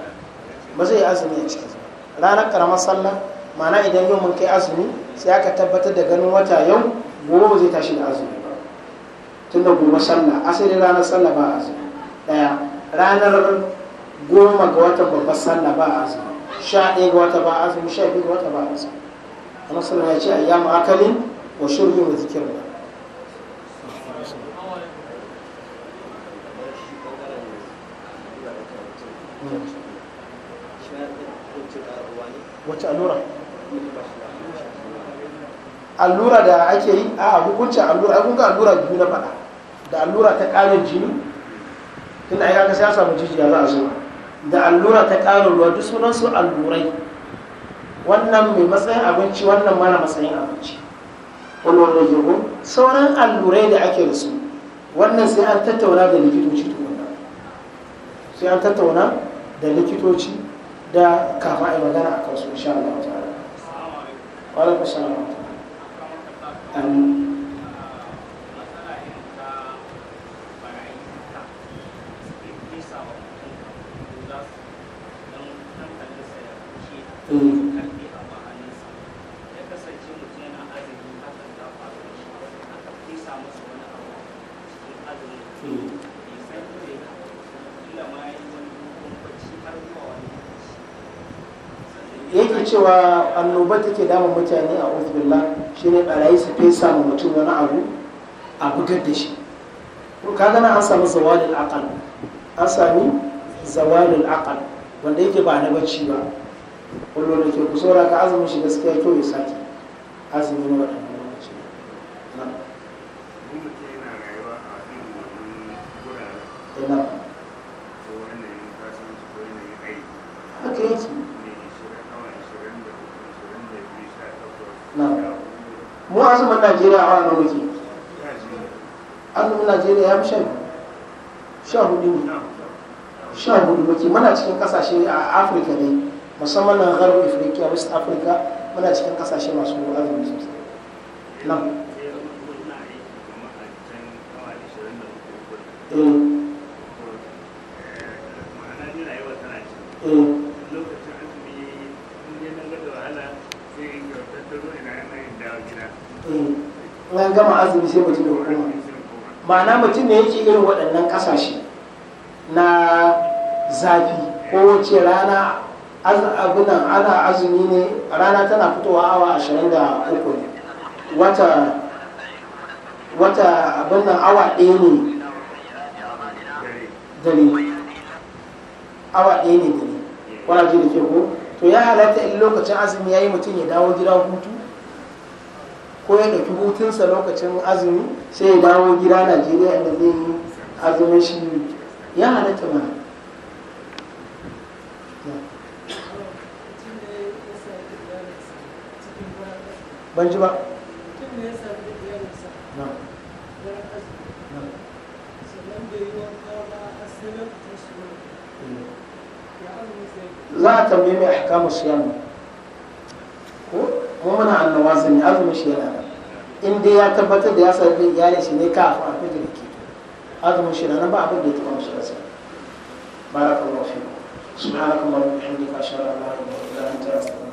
ba zai azumi a cikin ranar karamar sallah mana idan yau mun kai azumi sai aka tabbatar da ganin wata yau gobe zai tashi da azumi tun da gobe sallah asali ranar sallah ba azumi daya ranar goma ga watan babbar sallah ba azumi sha ɗaya ga wata ba azumi sha biyu ga wata ba azumi annabi sallallahu alaihi wasallam ya ce ayyamu akalin wa shurbi wa zikirna wacce allura allura da ake yi a hukuncin allura ai kunga allura biyu na faɗa da allura ta ƙarin jini tunda ai kaga sai ya samu jijiya za a zuwa da allura ta ƙarin ruwa duk sunansu allurai wannan mai matsayin abinci wannan mara matsayin abinci walwala jirgo sauran allurai da ake da su wannan sai an tattauna da likitoci tukuna sai an tattauna da likitoci da kama a magana a kansu insha Allah ta'ala wa alaikum assalam amin cewa annoba take damun mutane a uzbillah shine barayi su fesa samun mutum wani abu a bugar da shi ka gana an samu zawalin akal an sami zawalin akal wanda yake ba na bacci ba kullum da ke kusura ka azumin shi gaskiya to ya sake azumi na waɗannan lokaci eh, mu azumin najeriya a wani muke azumin najeriya ya fi sha hudu ne sha hudu muke mana cikin kasashe a afirka ne musamman na gharb afirka west africa muna cikin kasashe masu azumi sosai nan eh. azumi sai mutum da wurin ma'ana mutum ne yake irin waɗannan ƙasashe na zafi ko wace rana abinan ana azumi ne rana tana fitowa awa ashirin da uku ne wata wata abinan awa ɗaya ne dare awa ɗaya ne dare wani ji da ke ko to ya halatta in lokacin azumi ya yi mutum ya dawo gida hutu ko ya ɗauki hutunsa lokacin azumi sai ya dawo gida najeriya inda zai yi azumin shi ya halatta mana ban ba za a tambaye mai ahkamu siyama ko kuma muna annawa sun yi azumin shi yana nan in dai ya tabbatar da ya sarfi yi shi ne ka a fita da ke azumin shi yana nan ba abin da ya taɓa mashi rasa barakallahu fi subhanakallahu wa bihamdika ashhadu ba la ilaha illa ta astaghfiruka